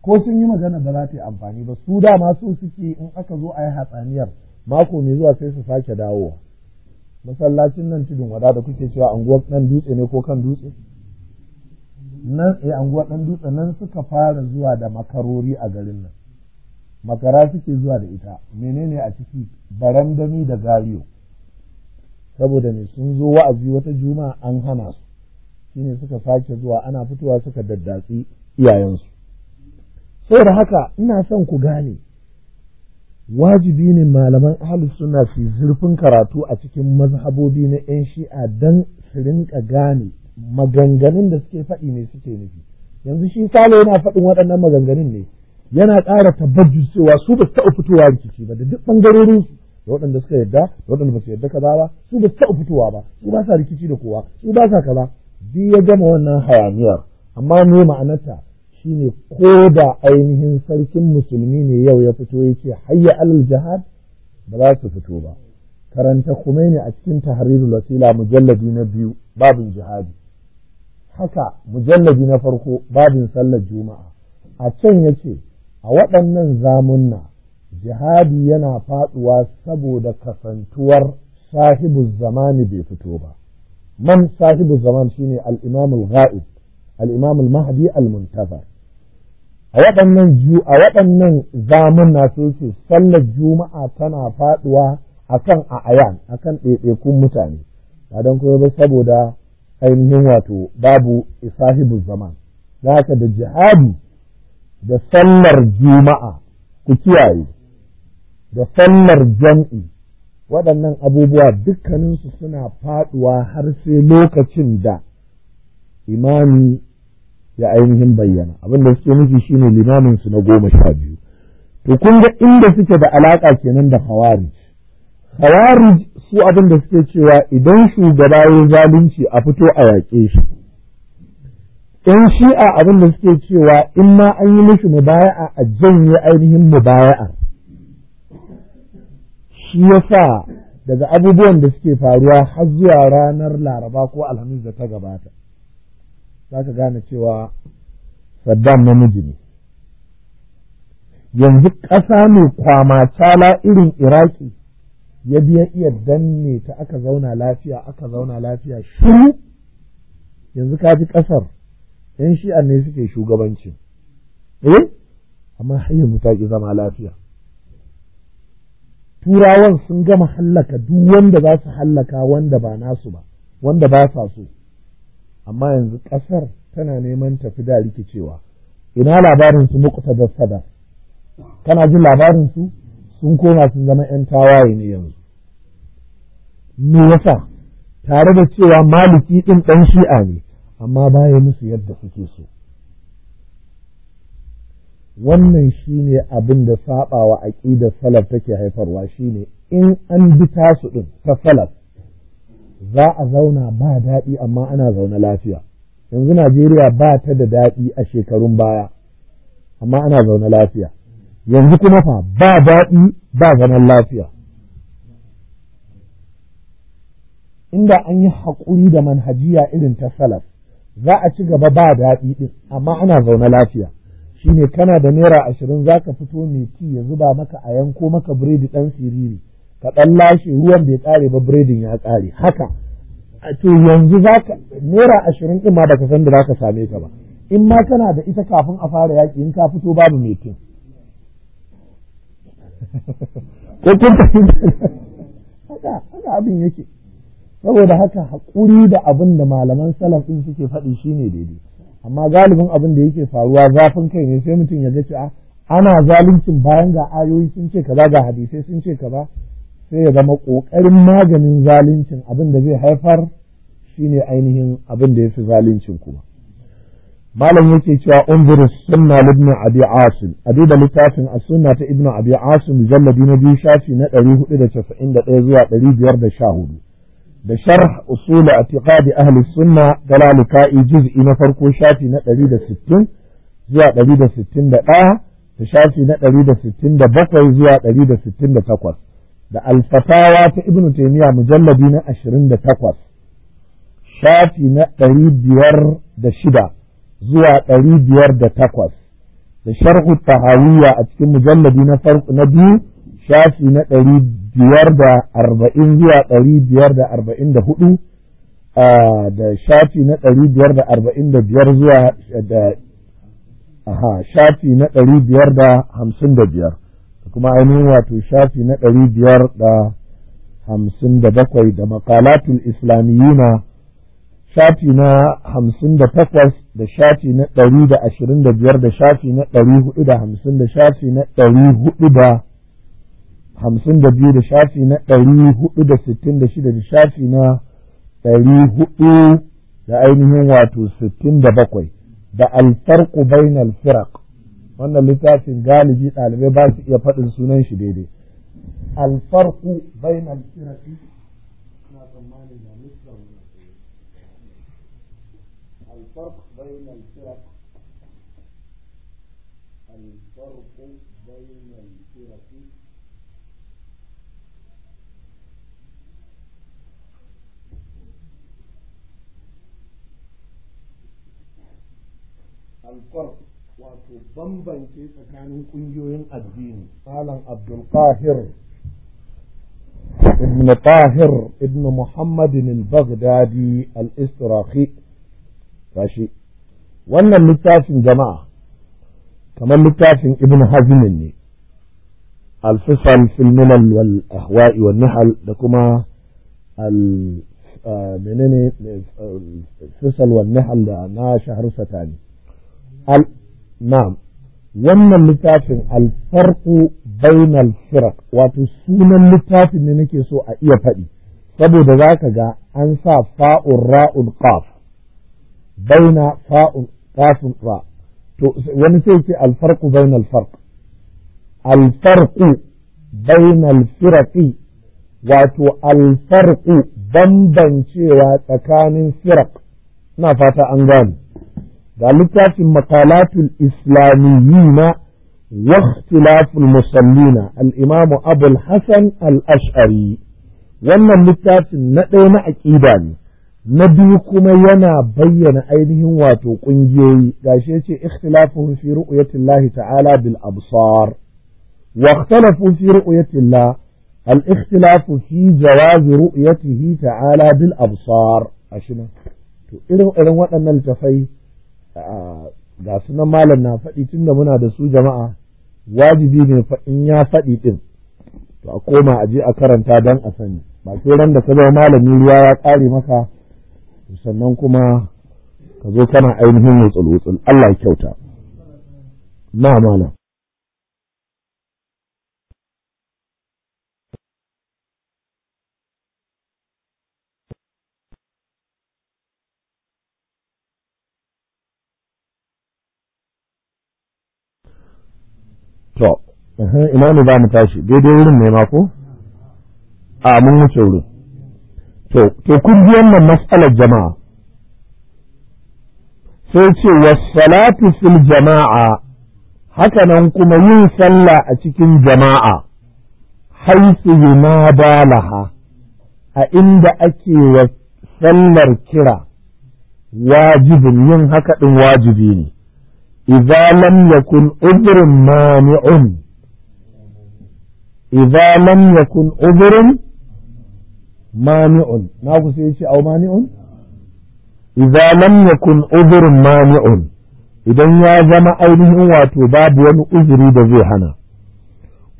ko sun yi magana ba za ta yi amfani ba su dama su suke in aka zo a yi hatsaniyar mako mai zuwa sai su sake dawowa masallacin nan tudun wada da kuke cewa anguwar ɗan dutse ne ko kan dutse nan eh anguwar dan dutse nan suka fara zuwa da makarori a garin nan makara suke zuwa da ita menene a ciki barandami da gariyo saboda ne sun zo wa'azi wata juma'a an hana su shine suka sake zuwa ana fitowa suka daddatsi iyayensu da haka ina son ku gane wajibi ne malaman ahlus suna su zurfin karatu a cikin mazhabobi na 'yan shi'a dan su rinka gane maganganun da suke faɗi ne suke nufi yanzu shi salo yana faɗin waɗannan maganganun ne yana ƙara tabbajin cewa su ba su taɓa fitowa rikici ba da duk ɓangarorin su da waɗanda suka yarda da waɗanda ba su yarda kaza ba su ba su taɓa fitowa ba su ba sa rikici da kowa su ba sa kaza duk ya gama wannan hayaniyar amma me ma'anarta shine ko da ainihin sarkin musulmi ne yau ya fito ya ce hayya alal jihad ba za su fito ba karanta ne a cikin tahrirul wasila mujalladi na biyu babin jihadi haka mujalladi na farko babin sallar juma'a a can ya ce a waɗannan zamunna jihadi yana faɗuwa saboda kasantuwar sahibu zamani bai fito ba man sahibu zaman shine al-imamul ghaib al mahadi al-mahdi al a waɗannan ju a waɗannan ce sallar juma'a tana faɗuwa akan a ayan akan ɗaiɗaikun mutane ba don kuma ba saboda ainihin wato babu isahibu zaman da haka da jihadi da sallar juma'a ku kiyaye da sallar jam'i waɗannan abubuwa dukkaninsu suna faɗuwa har sai lokacin da imami ya ainihin bayyana abin da suke nufi shine limamin su na goma sha biyu to kun ga inda suke da alaka kenan da khawarij khawarij su abin da suke cewa idan shugaba ya zalunci a fito a yaƙe shi ‘yan shi'a abin da suke cewa in ma an yi mishi mubaya'a a janye ainihin mubaya'a shi ya sa daga abubuwan da suke faruwa har zuwa ranar laraba ko alhamis da ta gabata za ka gane cewa saddam namiji ne yanzu ƙasa mai kwama cala irin iraki ya biya iya danne ta aka zauna lafiya aka zauna lafiya shiru yanzu ka ji ƙasar yan shi'a ne suke shugabanci eh amma har yanzu ta ƙi zama lafiya turawan sun gama hallaka duk wanda za su hallaka wanda ba nasu ba wanda ba sa so amma yanzu ƙasar tana neman tafi da rikicewa ina labarin su da sada kana jin labarin su sun koma sun zama ‘yan tawaye ne yanzu. Me yasa tare da cewa maliki ɗin ɗan shi'a ne, amma baya musu yadda suke so. Wannan shi ne abin da saɓawa aƙidar salaf take haifarwa shi ne in an bi tasu ɗin ta salaf za a zauna ba daɗi amma ana zaune lafiya yanzu najeriya ba ta da daɗi a shekarun baya amma ana zaune lafiya yanzu kuma fa ba daɗi ba zaman lafiya inda an yi haƙuri da manhajiya irin ta salaf za a ci gaba ba daɗi ɗin amma ana zaune lafiya shine kana da naira ashirin za ka fito mai ci ya zuba maka a yanko maka biredi ɗan siriri ka lashe ruwan bai tsare ba biredin ya tsare haka to yanzu za ka naira ashirin ɗin ma ka san da za ka same ka ba in ma kana da ita kafin a fara yaƙi in ka fito babu mai tun haka haka abin yake saboda haka hakuri da abin da malaman salaf ɗin suke faɗi shine daidai amma galibin abin da yake faruwa zafin kai ne sai mutum ya ga cewa ana zaluncin bayan ga ayoyi sun ce kaza ga hadisai sun ce kaza sai ya zama ƙoƙarin maganin zaluncin abin da zai haifar shine ainihin abin da ya fi zaluncin kuma malam yake cewa unzuru sunna ibn abi asim abu da littafin a sunna ta ibn abi asim mujalladi na biyu shafi na ɗari hudu da casa'in da ɗaya zuwa ɗari biyar da sha hudu da sharh usul i'tiqadi ahli sunna ka'i juz'i na farko shafi na ɗari da sittin zuwa ɗari da sittin da ɗaya da shafi na ɗari da sittin da bakwai zuwa ɗari da sittin da takwas da alfatawa ta ibn taymiya mujalladi na 28 shafi na 506 zuwa 508 da sharhu tahawiyya a cikin mujalladi na farko na biyu shafi na 540 zuwa 544 da shafi na 545 zuwa da aha shafi na 555 kuma ainihin wato shafi na ɗari biyar da hamsin da bakwai da makalatul islamiyuna shafi na hamsin da takwas da shafi na ɗari da ashirin da biyar da shafi na ɗari hudu da hamsin da shafi na ɗari hudu da hamsin da biyu da shafi na ɗari hudu da sittin da shida da shafi na ɗari hudu da ainihin wato sittin da bakwai da alfarku bainal firak wannan littafin galibi ɗalibai ba su iya faɗin sunan shi daidai alfarku bainal firaqi na tsammani da musta الفرق بين الفرق الفرق بين الفرق الفرق وتضمن كيف كان كنجوين الدين قال عبد القاهر ابن طاهر ابن محمد البغدادي الاسراخي فاشي وانا متافن جماعة كما متافن ابن حزم الفصل في الملل والاهواء والنحل لكما منني الفصل والنحل لانها شهر ستاني na'am wannan littafin alfarku bainal firak wato sunan littafin ne nake so a iya faɗi saboda za ka ga an sa fa'un ra'un baina fa'un qafun ra to wani sai ce alfarku bainal farq alfarku bainal firaqi wato alfarku bambancewa tsakanin firak na fata an gane ga littafin makalatul islamiyina wa ikhtilaful musallina al-imamu abul hasan al-ash'ari wannan littafin na ɗaya na aƙida ne na biyu kuma yana bayyana ainihin wato ƙungiyoyi gashi yace ikhtilafuhum fi ru'yatillahi ta'ala bil absar wa ikhtalafu fi ru'yatillah al ikhtilafu fi jawaz ru'yatihi ta'ala bil absar ashina to irin irin waɗannan tafai Ah, ga sunan malam na faɗi tun da muna da su jama'a wajibi ne in ya faɗi ɗin to a koma a je a karanta don a sani ba sai ran da ka zama malami ruwa ya ƙare maka sannan kuma ka zo kana ainihin wutsul wutsul Allah kyauta na malam to ina ne za mu tashi daidai wurin ne ma ko a mun wuce wurin to to kun ji wannan mas'alar jama'a sai ce salatu fil jama'a haka nan kuma yin sallah a cikin jama'a haisu na balaha a inda ake wa sallar kira wajibin yin haka ɗin wajibi ne idza lam yakun udhrun mani'un idan ya zama ainihin wato babu wani uzuri da zai hana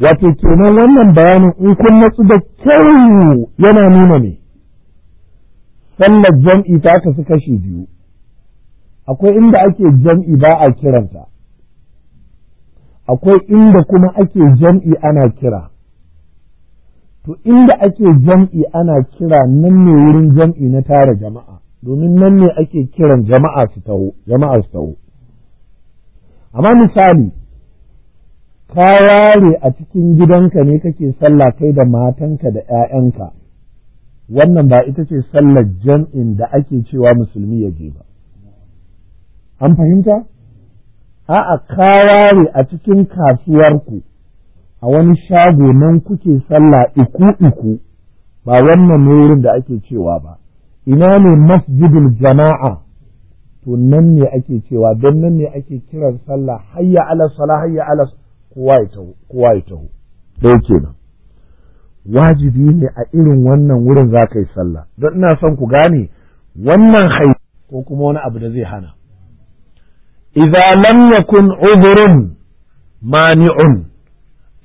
wato kenan wannan bayanin in kun natsu da kyau yana nuna ne sallar jam'i ta kasu kashi biyu akwai inda ake jam'i ba a kiransa akwai inda kuma ake jam'i ana kira to inda ake jam'i ana kira nan ne wurin jam'i na tara jama'a domin nan ne ake kiran jama'a su taho jama'a su taho amma misali ka ware a cikin gidanka ne kake sallah kai da matanka da ‘ya'yanka, wannan ba ita ce sallar jam'in da ake cewa musulmi ya je ba. an fahimta a'a kaware a cikin kasuwarku a wani shago nan kuke sallah iku iku ba wannan wurin da ake cewa ba ina ne masjidul jama'a to nan ne ake cewa don nan ne ake kiran sallah hayya ala sala hayya ala kowa ya taho da yake nan wajibi ne a irin wannan wurin za ka yi sallah don ina son ku gane wannan hai ko kuma wani abu da zai hana idza lam yakun udhrun mani'un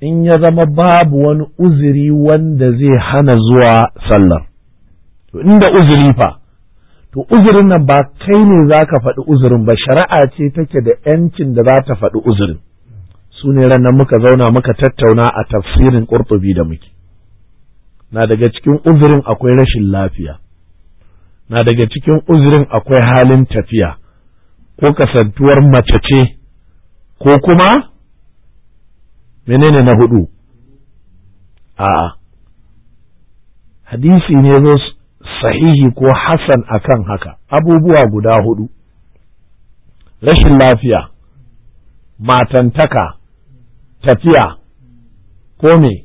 in ya zama babu wani uzuri wanda zai hana zuwa sallar to inda uzuri fa to uzurin nan ba kai ne za ka faɗi uzurin ba shari'a ce take da ‘yancin da za ta faɗi uzurin su ne ranar muka zauna muka tattauna a tafsirin ƙurtubi da muke na daga cikin uzurin akwai rashin lafiya na daga cikin uzurin akwai halin tafiya ko kasantuwar mace ce ko kuma menene na hudu a hadisi ne zo sahihi ko hasan akan haka abubuwa guda hudu rashin lafiya matantaka tafiya ko me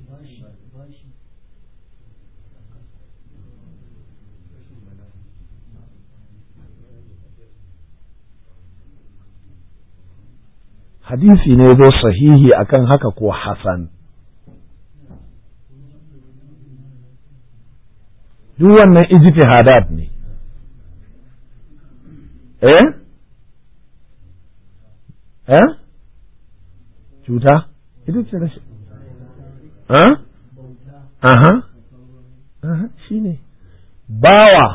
hadisi ne zo sahihi akan haka ko hasan duk wannan ijtihadat ne eh eh cuta ita ce eh aha aha shine bawa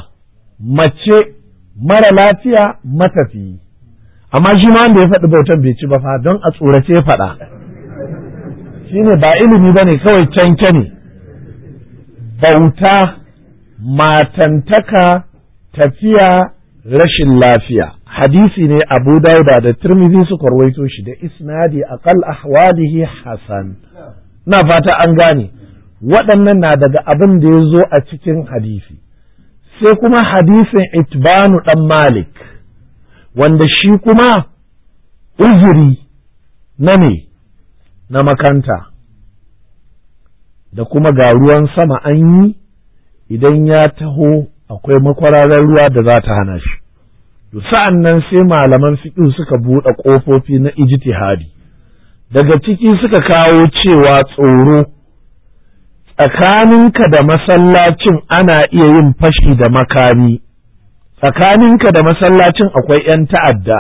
mace mara lafiya matafiyi amma shi ma wanda ya faɗi bautan bai ci ba fa don a tsorace faɗa Shi ne ba ilimi ba ne kawai canke ne bauta matantaka tafiya rashin lafiya hadisi ne abu dauda da turmizi su karwaito shi da isnadi aqal ahwalihi hasan na fata an gane waɗannan na daga abin da ya zo a cikin hadisi sai kuma hadisin itbanu ɗan malik wanda shi kuma uzuri na ne na makanta da kuma ga ruwan sama an yi idan ya taho akwai makwararar ruwa da za ta hana shi sa'an nan sai malaman fiƙin suka buɗe ƙofofi na ijtihadi daga ciki suka kawo cewa tsoro tsakaninka da masallacin ana iya yin fashi da makami tsakaninka da masallacin akwai 'yan ta'adda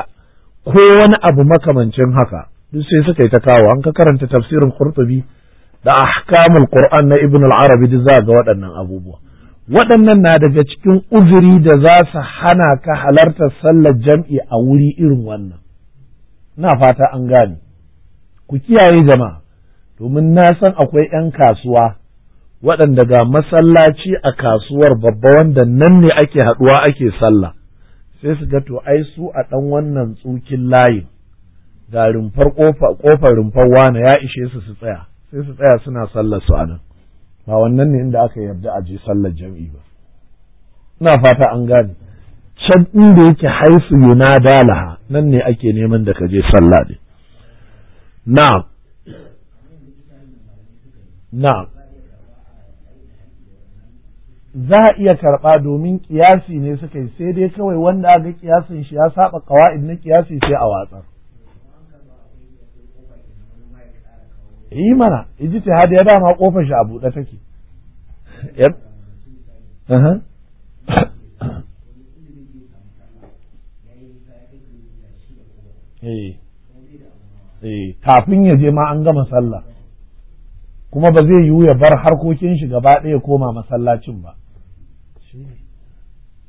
ko wani abu makamancin haka duk sai suka yi ta kawo an ka karanta tafsirin qurtubi da ahkamul qur'an na ibn al-arabi duk za ga waɗannan abubuwa waɗannan na daga cikin uzuri da za su hana ka halartar sallar jam'i a wuri irin wannan na fata an gane ku kiyaye jama'a domin na san akwai 'yan kasuwa waɗanda ga masallaci a kasuwar babba wanda nan ne ake haɗuwa ake sallah sai su ga to ai su a ɗan wannan tsukin layin ga rumfar ƙofar rumfar wane ya ishe su su tsaya sai su tsaya suna sallar su a nan ba wannan ne inda aka yarda a je sallar jam'i ba ina fata an gane can inda yake haisu yana dalaha nan ne ake neman da ka je sallah ne. na'am na'am za a iya karɓa domin kiyasi ne suka yi sai dai kawai wanda aka kiyasin shi ya saba kawa'id na kiyasi sai a watsar yi mana hada ya dama kofar shi a buɗe take eh. Eh, kafin ya je ma an gama sallah kuma ba zai yiwu ya bar harkokin shi gaba ɗaya koma masallacin ba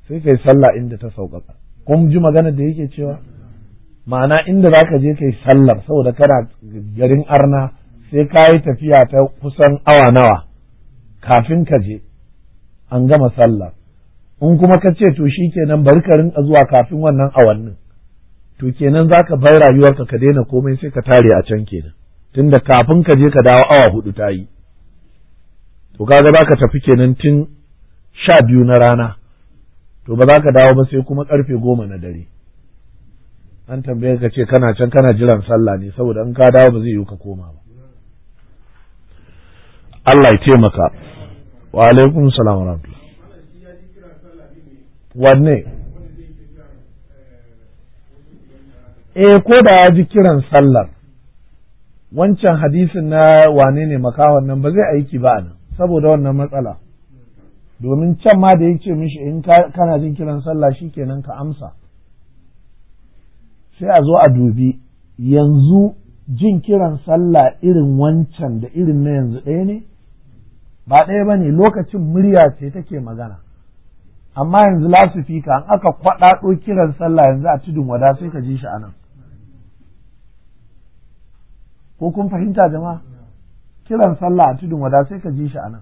sai kai sallah inda ta sauƙaƙa kun ji magana da yake cewa ma'ana inda za ka je kai sallar saboda kana garin arna sai ka yi tafiya ta kusan awa nawa kafin ka je an gama sallar, in kuma ka ce to shi kenan bari ka rinka zuwa kafin wannan awannin to kenan za ka bar rayuwarka ka daina komai sai ka tare a can kenan tunda kafin ka je ka dawo awa hudu ta yi to kaga za ka tafi kenan tun sha biyu na rana to ba za ka dawo ba sai kuma ƙarfe goma na dare an tambaye ka ce kana can kana jiran sallah ne saboda in ka dawo ba zai yiwu ka koma ba Allah ya taimaka wa alaikum salam wa wanne eh ko da ya ji kiran sallar wancan hadisin na wane ne makawan nan ba zai aiki ba a nan saboda wannan matsala domin can ma da ya ce mishi in kana jin kiran sallah shi kenan ka amsa sai a zo a dubi yanzu jin kiran sallah irin wancan da irin na yanzu ɗaya ne ba ɗaya ba ne lokacin murya ce take magana amma yanzu lasifika an aka kwaɗaɗo kiran sallah yanzu a tudun wada sai ka ji shi a nan ko kun fahimta jama'a kiran sallah a tudun wada sai ka ji shi a nan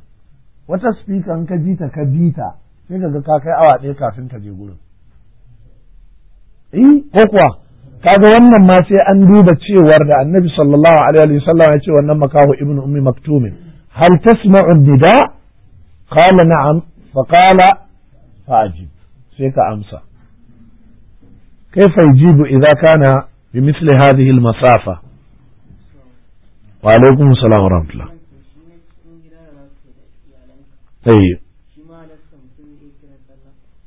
wata speaker in ka ji ta ka bi ta sai ka ga ka kai awa ɗaya kafin ka je gurin eh ko kuwa kaga wannan ma sai an duba cewar da annabi sallallahu alaihi wa sallam ya ce wannan makahu ibnu ummi maktumin hal tasma'u nida qala na'am fa qala fa'ajib sai ka amsa kaifa yajibu idza kana بمثل هذه المسافة وعليكم السلام ورحمة الله Eh.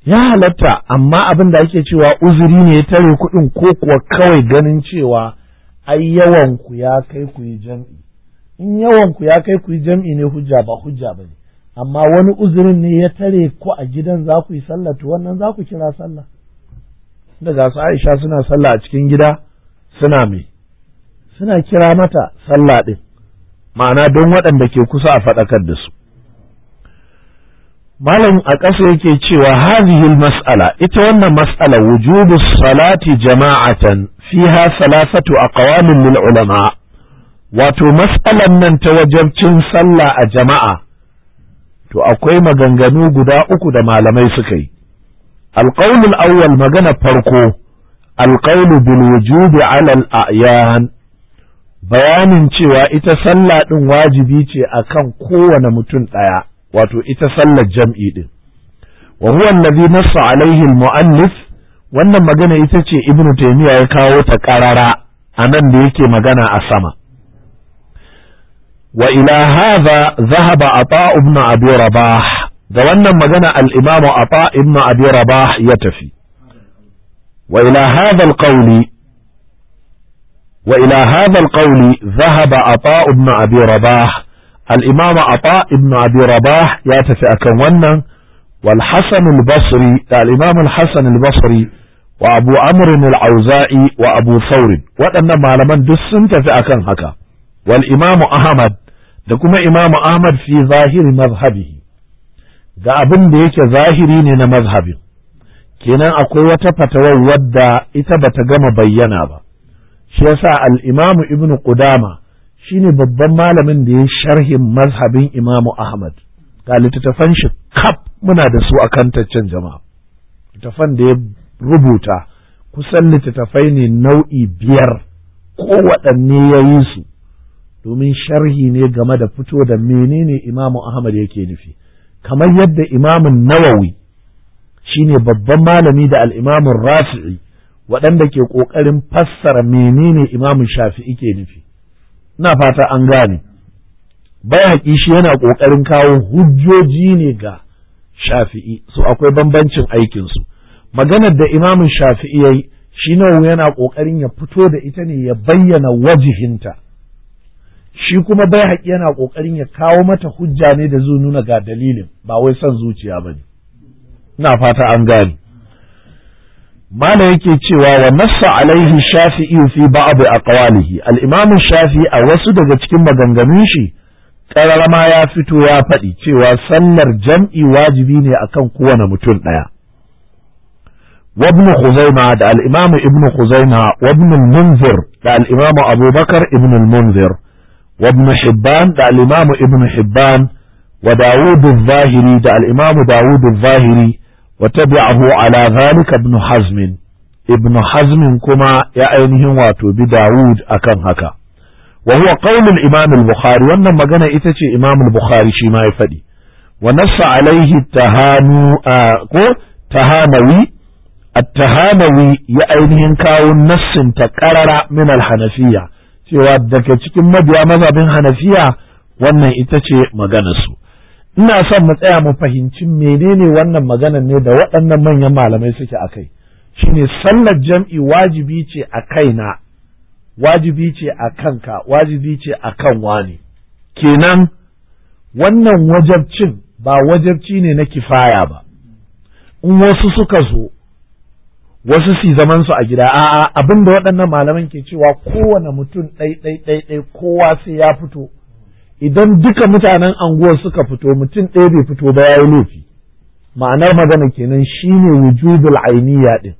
ya halatta amma abin da ake cewa uzuri ne ya tare kuɗin ko kuwa kawai ganin cewa ai yawan ku ya kai ku yi jam'i in yawan ku ya kai ku yi jam'i ne hujja ba hujja ba ne amma wani uzurin ne ya tare ku a gidan za ku yi sallah to wannan za ku kira sallah da ga su Aisha suna sallah a cikin gida suna me suna kira mata sallah din ma'ana don waɗanda ke kusa a faɗakar da su malam a ƙasa yake cewa hazihil mas'ala ita wannan mas'ala wujubu salati jama'atan fiha salasatu aqwamin lil ulama wato mas'alan nan ta wajabcin sallah a jama'a to akwai maganganu guda uku da malamai suka yi alqaulul awwal magana farko alqaulu bil wujubi ala al a'yan bayanin cewa ita sallah din wajibi ce akan kowane mutum ɗaya wato ita sallar jam'i ɗin wa huwa alladhi nassa alaihi wannan magana ita ce ibnu taymiya ya kawo ta ƙarara, a nan da yake magana a sama wa ila hadha dhahaba ata ibn abi rabah da wannan magana al-imam ata ibn abi rabah ya tafi wa ila hadha al وإلى هذا القول ذهب عطاء بن أبي رباح al'imama Aba ibn Abi Rabah ya tafi akan wannan wal al-Basri da al-Hassan al-Basri wa Abu Amr al-Auza'i wa Abu Saurin. waɗannan malaman duk sun tafi akan haka wal imamu Ahmad da kuma imamu Ahmad fi zahiri mazhabihi ga abin da yake zahiri ne na mazhabin kenan akwai wata fatawar wadda ita bata gama bayyana ba shi yasa al-imamu Ibn Qudama Shi ne babban malamin da ya yi sharhin mazhabin imamu ahmad ga littattafan shi kaf muna da su a kantaccen jama'a littattafan da ya rubuta kusan littattafai ne nau'i biyar ko waɗanne ya yi su domin sharhi ne game da fito da menene imamu ahmad yake nufi kamar yadda imamun nawawi shi ne babban malami da al'imamun rafi'i waɗanda ke ƙoƙarin fassara menene imamun shafi'i ke nufi na fata an gane haƙi shi yana ƙoƙarin kawo hujjoji ne ga shafi'i su akwai bambancin aikinsu maganar da imamin shafi'i ya shi nawa yana ƙoƙarin ya fito da ita ne ya bayyana wajihinta shi kuma haƙi yana ƙoƙarin ya kawo mata hujja ne da zai nuna ga dalilin ba wai son zuciya ba ne ina fata an gane Malam yake cewa wa nassa alaihi shafi'i fi ba'd aqwalihi al-imam shafi a wasu daga cikin maganganun shi kararama ya fito ya faɗi cewa sallar jam'i wajibi ne akan kowane mutum ɗaya وابن خزيمة da الإمام ابن خزيمة وابن المنذر دا الإمام أبو بكر ابن المنذر وابن حبان دا الإمام ابن حبان وداود الظاهري دا الإمام داود الظاهري وتبعه على ذلك ابن حزم ابن حزم كما يأينه واتو بداود أكن هكا وهو قول الإمام البخاري وأن مجانا إتتي إمام البخاري شما يفدي ونص عليه التهانو آه تهانوي التهانوي يأينه كاو نص تكرر من الحنفية cewa daga cikin mabiya mazhabin hanafiya wannan ita ce maganarsu ina son mu tsaya mu fahimci menene wannan maganar ne da waɗannan manyan malamai suke a kai Shi ne sallar jam'i wajibi ce a na wajibi ce a kanka wajibi ce a kan wani kenan wannan wajabcin ba wajabci ne na kifaya ba in wasu suka zo wasu si zaman su a gida a'a abin da waɗannan malaman ke cewa kowane mutum ɗai ɗai ɗai ɗai kowa sai ya fito idan duka mutanen unguwar suka fito mutum ɗaya bai fito ba yayi laifi ma'anar magana kenan shine wujubul ainiya din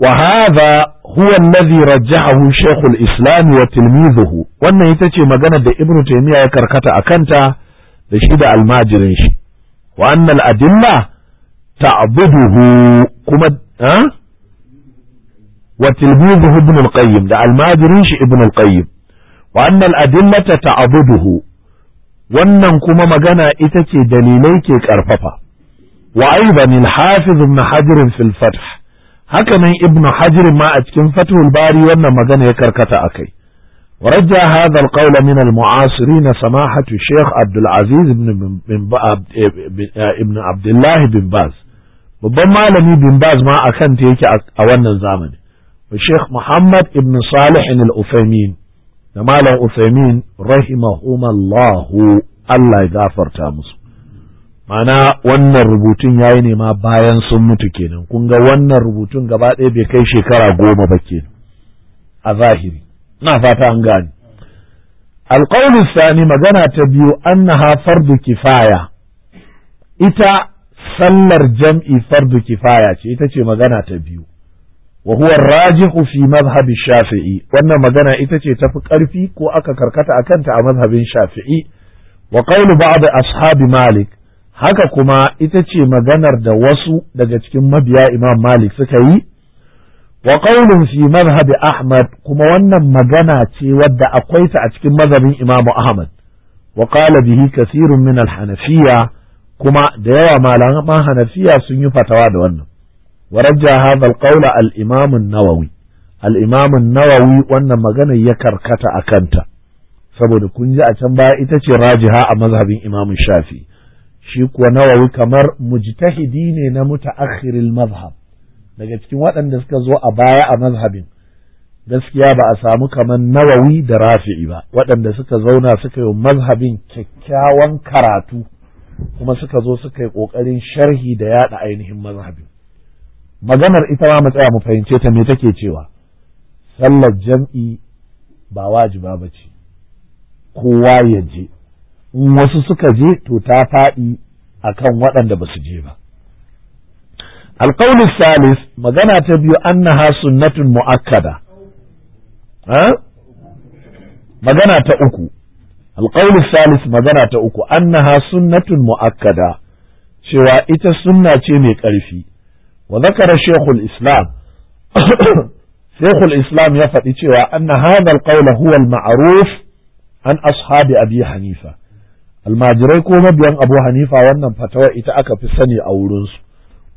wa hadha huwa alladhi rajjahahu shaykhul islam watilmizihu. wannan ita ce maganar da ibnu taymiya ya karkata akanta da shi da almajirin shi wa anna al-adilla ta'buduhu kuma wa tilmizuhu ibn al da almajirinshi shi ibn wa annal adillata ta'buduhu wannan kuma magana ita ce dalilai ke karfafa wa aidan al-hafiz ibn hajar fil fath haka nan ibn hajar ma a cikin fathul bari wannan magana ya karkata akai ورجع هذا القول من المعاصرين سماحة الشيخ عبد العزيز بن ابن عبد الله بن باز babban malami bin baz ma a kan ta yake a wannan zamani Sheikh Muhammad ibn Salih al-Uthaymin da malam Usaimin rahimahumallahu Allah ya gafarta musu mana wannan rubutun ya yi nema bayan sun mutu kenan kun ga wannan rubutun gaba ɗaya bai kai shekara goma ba kenan a zahiri na fata an gani. alƙawli sani magana ta biyu annaha fardu kifaya ita sallar jam'i fardu kifaya ce ita ce magana ta biyu wa huwa rajihu fi mazhabi shafi'i wannan magana ita ce fi karfi ko aka karkata a kanta a mazhabin shafi'i wa qawlu ashabi malik haka kuma ita ce maganar da wasu daga cikin mabiya imam malik suka yi wa fi mazhabi ahmad kuma wannan magana ce wadda akwai ta a cikin mazhabin imam ahmad wa qala bihi kathirun min al-hanafiyya kuma da yawa malaman hanafiya sun yi fatawa da wannan ورجع هذا القول الإمام النووي wannan maganar ya karkata a kanta. saboda kun ji a can baya ita ce rajiha a mazhabin Imam Shafi shi kuwa nawawi kamar mujtahidi ne na mutu-akhirin mazhab daga cikin waɗanda suka zo a baya a mazhabin gaskiya ba a samu kamar nawawi da rafi'i ba waɗanda suka zauna suka yi mazhabin kyakkyawan karatu kuma suka zo suka yi ƙoƙarin sharhi da yaɗa ainihin mazhabin maganar ita ma mu tsaya mu fahimce ta me take cewa sallar jam'i ba wajiba ba ce kowa ya je wasu suka je to ta faɗi a kan waɗanda ba su je ba alƙaunin salis magana ta biyu an na hasu natin mu'akkada magana ta uku alƙaunin salis magana ta uku an na hasu natin mu'akkada cewa ita sunna ce mai ƙarfi wa zakara shekul islam islam ya faɗi cewa anna hadha alqawla huwa al-ma'ruf an ashabi abi hanifa almajirai ko mabiyan abu hanifa wannan fatawar ita aka fi sani a wurinsu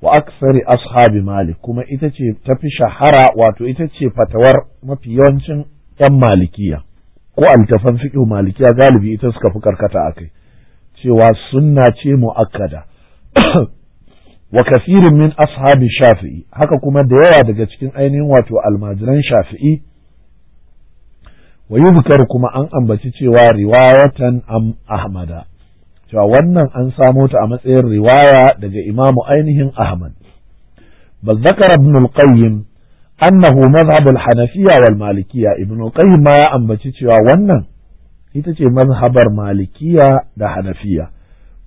wa aksari ashabi malik kuma ita ce ta fi shahara wato ita ce fatawar mafi yawancin yan malikiya ko altafan fiƙi malikiya galibi ita suka fi karkata a kai cewa sunna ce mu'akkada wa kasirin min ashabi shafi'i haka kuma da yawa daga cikin ainihin wato almajiran shafi'i wa yuzkar kuma an ambaci cewa riwayatan am ahmada cewa wannan an samo ta a matsayin riwaya daga imamu ainihin ahmad Ba zakara ibn al-qayyim annahu madhhab al-hanafiyya wal malikiyya ibn al-qayyim ma ya ambaci cewa wannan ita ce mazhabar malikiya da hanafiya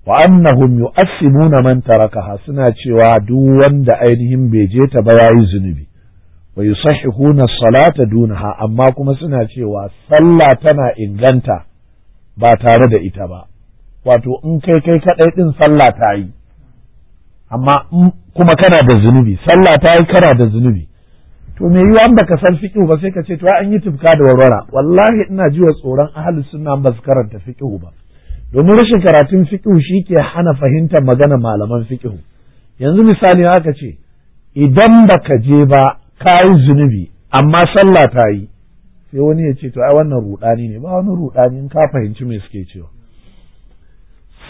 wa annahum yu'assimuna man tarakaha suna cewa duk wanda ainihin bai je ta ba yayi zunubi wa yusahihuna salata dunaha amma kuma suna cewa sallah tana inganta ba tare da ita ba wato in kai kai kadai din sallah ta yi amma kuma kana da zunubi sallah ta yi kana da zunubi to me yiwa an baka san fiqh ba sai ka ce to an yi tufka da warwara wallahi ina jiwa tsoron ahlus sunna ba su karanta fiqh ba domin rashin karatun fiqhu shi ke hana fahimtar magana malaman fiqhu yanzu misali haka ce idan baka je ba ka yi zunubi amma sallah ta yi sai wani ya ce to ai wannan rudani ne ba wani rudani in ka fahimci me suke cewa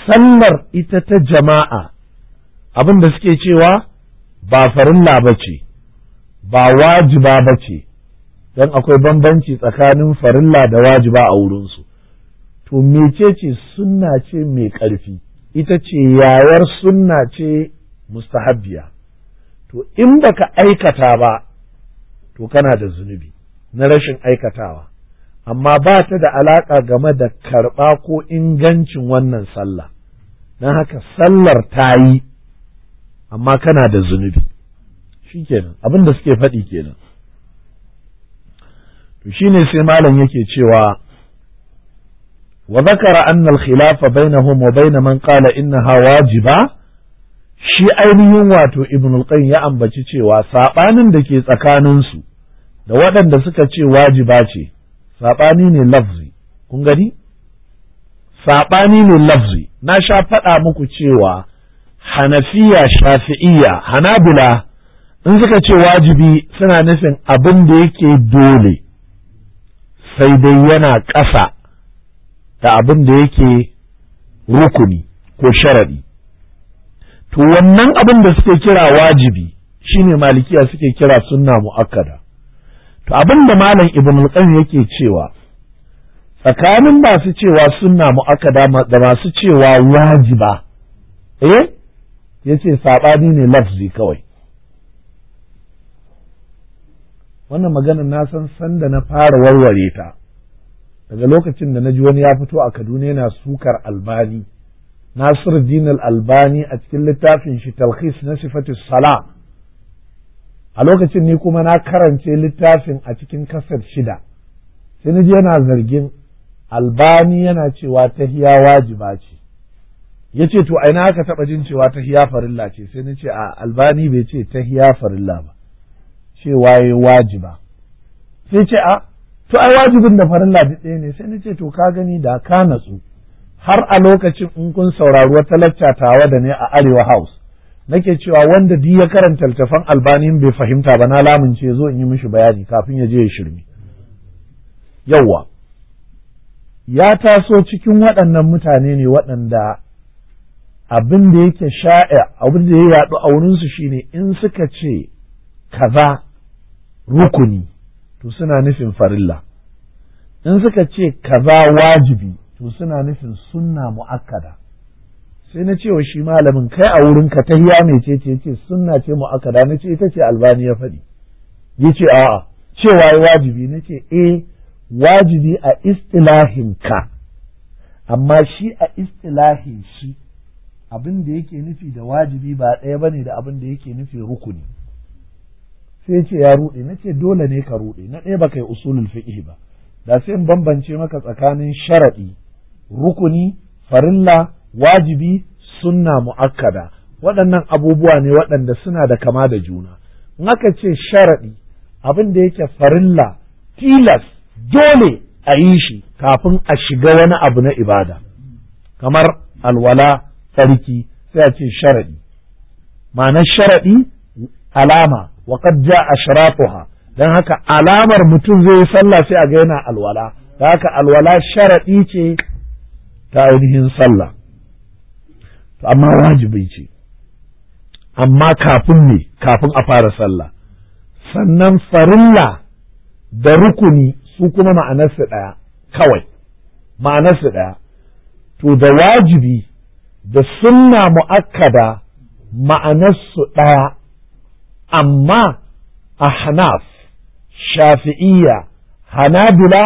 sallar ita ta jama'a abin da suke cewa ba farilla ba ce ba wajiba ba ce don akwai bambanci tsakanin farilla da wajiba a wurinsu to ce sunna ce mai ƙarfi ita ce yayar sunna ce mustahabbiya to in baka aikata ba to kana da zunubi na rashin aikatawa amma ba ta da alaƙa game da karɓa ko ingancin wannan sallah don haka sallar ta yi amma kana da zunubi shi kenan abin da suke faɗi kenan to shine sai malam yake cewa وذكر أن الخلاف بينهم وبين من قال إنها واجبة shi ainihin wato Ibn al ya ambaci cewa saɓanin da ke tsakaninsu da waɗanda suka ce wajiba ce saɓani ne lafzi kun gani saɓani ne lafzi na sha faɗa muku cewa hanafiya shafi'iyya hanabila in suka ce wajibi suna nufin abin da yake dole sai dai yana ƙasa da abin da yake rukuni ko sharaɗi to wannan abin da suke kira wajibi shine malikiya suke kira sunna mu'akkada to abin da malam ibn al yake cewa tsakanin masu cewa sunna mu'akkada da masu cewa wajiba eh yace saɓani ne lafzi kawai wannan maganar na san sanda na fara warware ta daga lokacin da na ji wani ya fito a Kaduna yana sukar albani Nasiruddin al-Albani a cikin littafin shi talhis na sifatu sala a lokacin ni kuma na karance littafin a cikin kasar shida sai ji yana zargin albani yana cewa tahiya wajiba ce ya ce to aina aka taɓa jin cewa tahiya farilla ce sai na ce a albani bai ce tahiya farilla ba cewa ya wajiba sai ce a to ai wajibin da farin ladi ɗaya ne sai na ce to ka gani da ka natsu har a lokacin in kun saurari wata lacca tawa da ne a arewa house nake cewa wanda duk ya karanta littafan albanin bai fahimta ba na lamunce zo in yi mishi bayani kafin ya je ya shirme yawwa ya taso cikin waɗannan mutane ne waɗanda abin da yake sha'a abin da ya yaɗu a wurinsu shine in suka ce kaza rukuni to suna nufin farilla in suka ce kaza wajibi to suna nufin sunna mu'akkada sai na cewa shi malamin kai a wurin ka ta hiya mai ce ce sunna ce mu'akkada na ce ita ce albani ya faɗi ya ce a'a cewa wajibi na ce eh wajibi a istilahin ka amma shi a istilahin shi abin da yake nufi da wajibi ba ɗaya bane da abin da yake nufi rukuni sai ce ya ruɗe na ce dole ne ka ruɗe na ɗaya baka yi usulul fiqh ba da sai in bambance maka tsakanin sharaɗi rukuni farilla wajibi sunna mu'akkada waɗannan abubuwa ne waɗanda suna da kama da juna in aka ce sharaɗi abin da yake farilla tilas dole a yi shi kafin a shiga wani abu na ibada kamar alwala tsarki sai a ce sharaɗi ma'anar sharaɗi alama wa qad jaa ashratuha dan haka alamar mutum zai yi sallah sai a ga yana alwala da haka alwala sharaɗi ce ta ainihin sallah to amma wajibi ce amma kafin ne kafin a fara sallah sannan farilla da rukuni su kuma ma'anarsu ɗaya kawai ma'anarsu ɗaya to da wajibi da sunna mu'akkada ma'anarsu ɗaya amma ahnaf shafi'iyya hanabila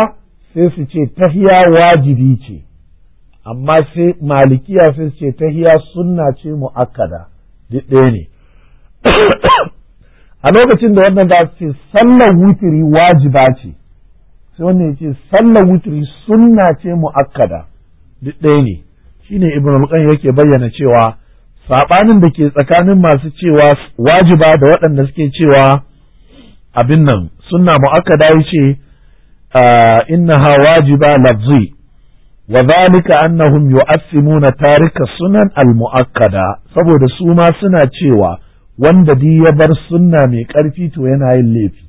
sai su ce tahiya wajibi ce amma sai malikiya sai su ce tahiya sunna ce mu'akkada duk ɗaya ne a lokacin da wannan za su ce sallar wutiri wajiba ce sai wannan ya ce sallar wutiri sunna ce mu'akkada duk ɗaya ne shine ibn al yake bayyana cewa saɓanin da ke tsakanin masu cewa wajiba da waɗanda suke cewa abin nan sunna mu'akkada ya ce ah, innaha wajiba lafzi wa zalika annahum na tarika sunan al-mu'akkada saboda su ma suna cewa wanda di ya bar sunna mai ƙarfi to yana yin laifi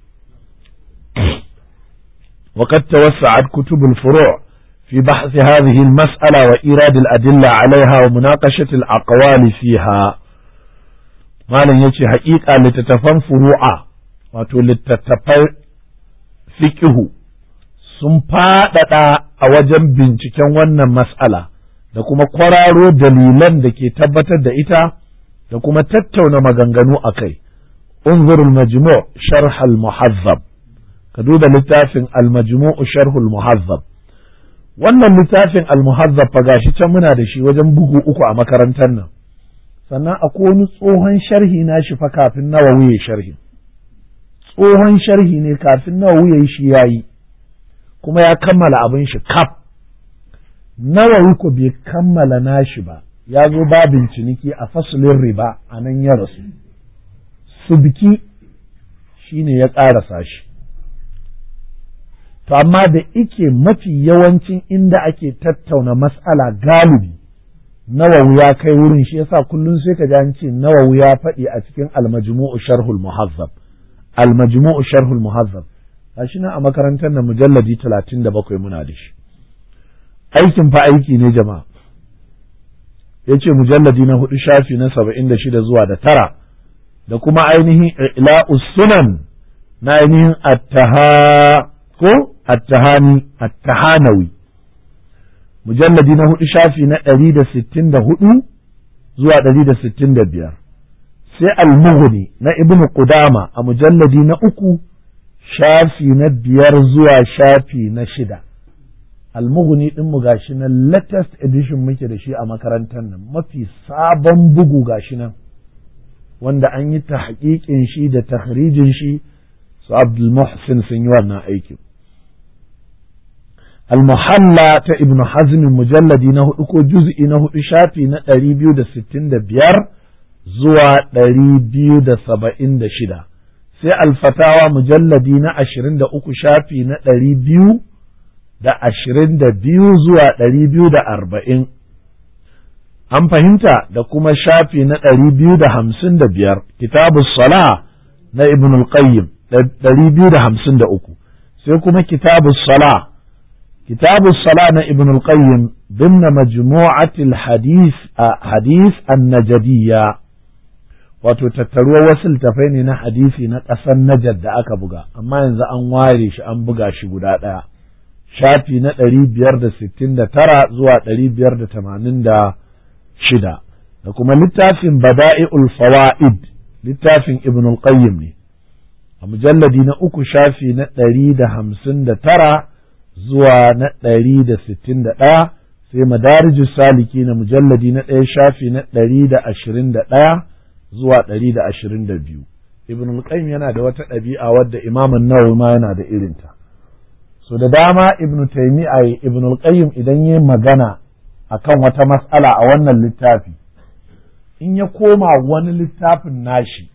وقد Sa'ad kutubul furo في بحث هذه المسألة وإيراد الأدلة عليها ومناقشة الأقوال فيها Malam ya ce haƙiƙa لتتفن furu'a wato littattafan fikihu sun faɗaɗa a wajen binciken wannan mas'ala da kuma kwararo dalilan da ke tabbatar da ita da kuma tattauna maganganu a kai unzur majmu sharh al-muhazzab ka duba littafin al-majmu sharh al-muhazzab wannan littafin almuhazzab fa gashi can muna da shi wajen bugu uku a makarantar nan sannan akwai wani tsohon sharhi na shi fa kafin nawa wuye sharhi tsohon sharhi ne kafin nawa wuye shi yayi kuma ya kammala abin shi kaf Nawa ko bai kammala nashi ba ya zo babin ciniki a fasulin riba a nan ya rasu shi ne ya ƙarasa shi to amma da ike mafi yawancin inda ake tattauna mas'ala galibi nawa wuya kai wurin shi yasa kullum sai ka ji an ce nawa wuya faɗi a cikin almajmu'u sharhul muhazzab almajmu'u sharhul muhazzab gashi nan a makarantar na mujalladi 37 muna da shi aikin fa aiki ne jama'a yace mujalladi na hudu shafi na 76 zuwa da tara da kuma ainihin ila'us sunan na ainihin at-taha ko at Atahanawi, mujalladi na hudu shafi na ɗari da sittin da hudu zuwa ɗari da sittin da biyar sai almuguni na ibnu qudama a mujalladi na uku shafi na biyar zuwa shafi na shida Almuguni din mu gashi nan latest edition muke da shi a makarantar nan mafi sabon bugu gashi nan wanda an yi tahqiqin shi da tahrijin shi su Abdul Muhsin sun yi wannan aikin al ta ibnu hazm mujalladi na hudu ko juz'i na hudu shafi na ɗari biyu da sittin da biyar zuwa ɗari biyu da saba'in da shida sai alfatawa mujalladi na ashirin da uku shafi na ɗari biyu da ashirin da biyu zuwa ɗari biyu da arba'in an fahimta da kuma shafi na ɗari biyu da hamsin da biyar kitabu sala na ibn al-qayyim ɗari biyu da hamsin da uku sai kuma kitabu sala كتاب الصلاة ابن القيم Hadis a Hadis an النجدية wato tattaruwar wasu littafai ne na hadisi na ƙasan najad da aka buga amma yanzu an ware shi an buga shi guda ɗaya shafi na ɗari biyar da sittin da tara zuwa ɗari biyar da tamanin da shida da kuma littafin bada'i'ul fawaid littafin ibn qayyim ne a mujalladi na uku shafi na ɗari da hamsin da tara zuwa na ɗari da sittin da ɗaya sai madariji saliki na mujalladi na ɗaya shafi na ɗari da ashirin da ɗaya zuwa ɗari da ashirin da biyu ibn al-qayyim yana da wata ɗabi'a wadda imam an ma yana da irinta so da dama ibn taymiya ibn al-qayyim idan yayi magana akan wata mas'ala a wannan littafi in ya koma wani littafin nashi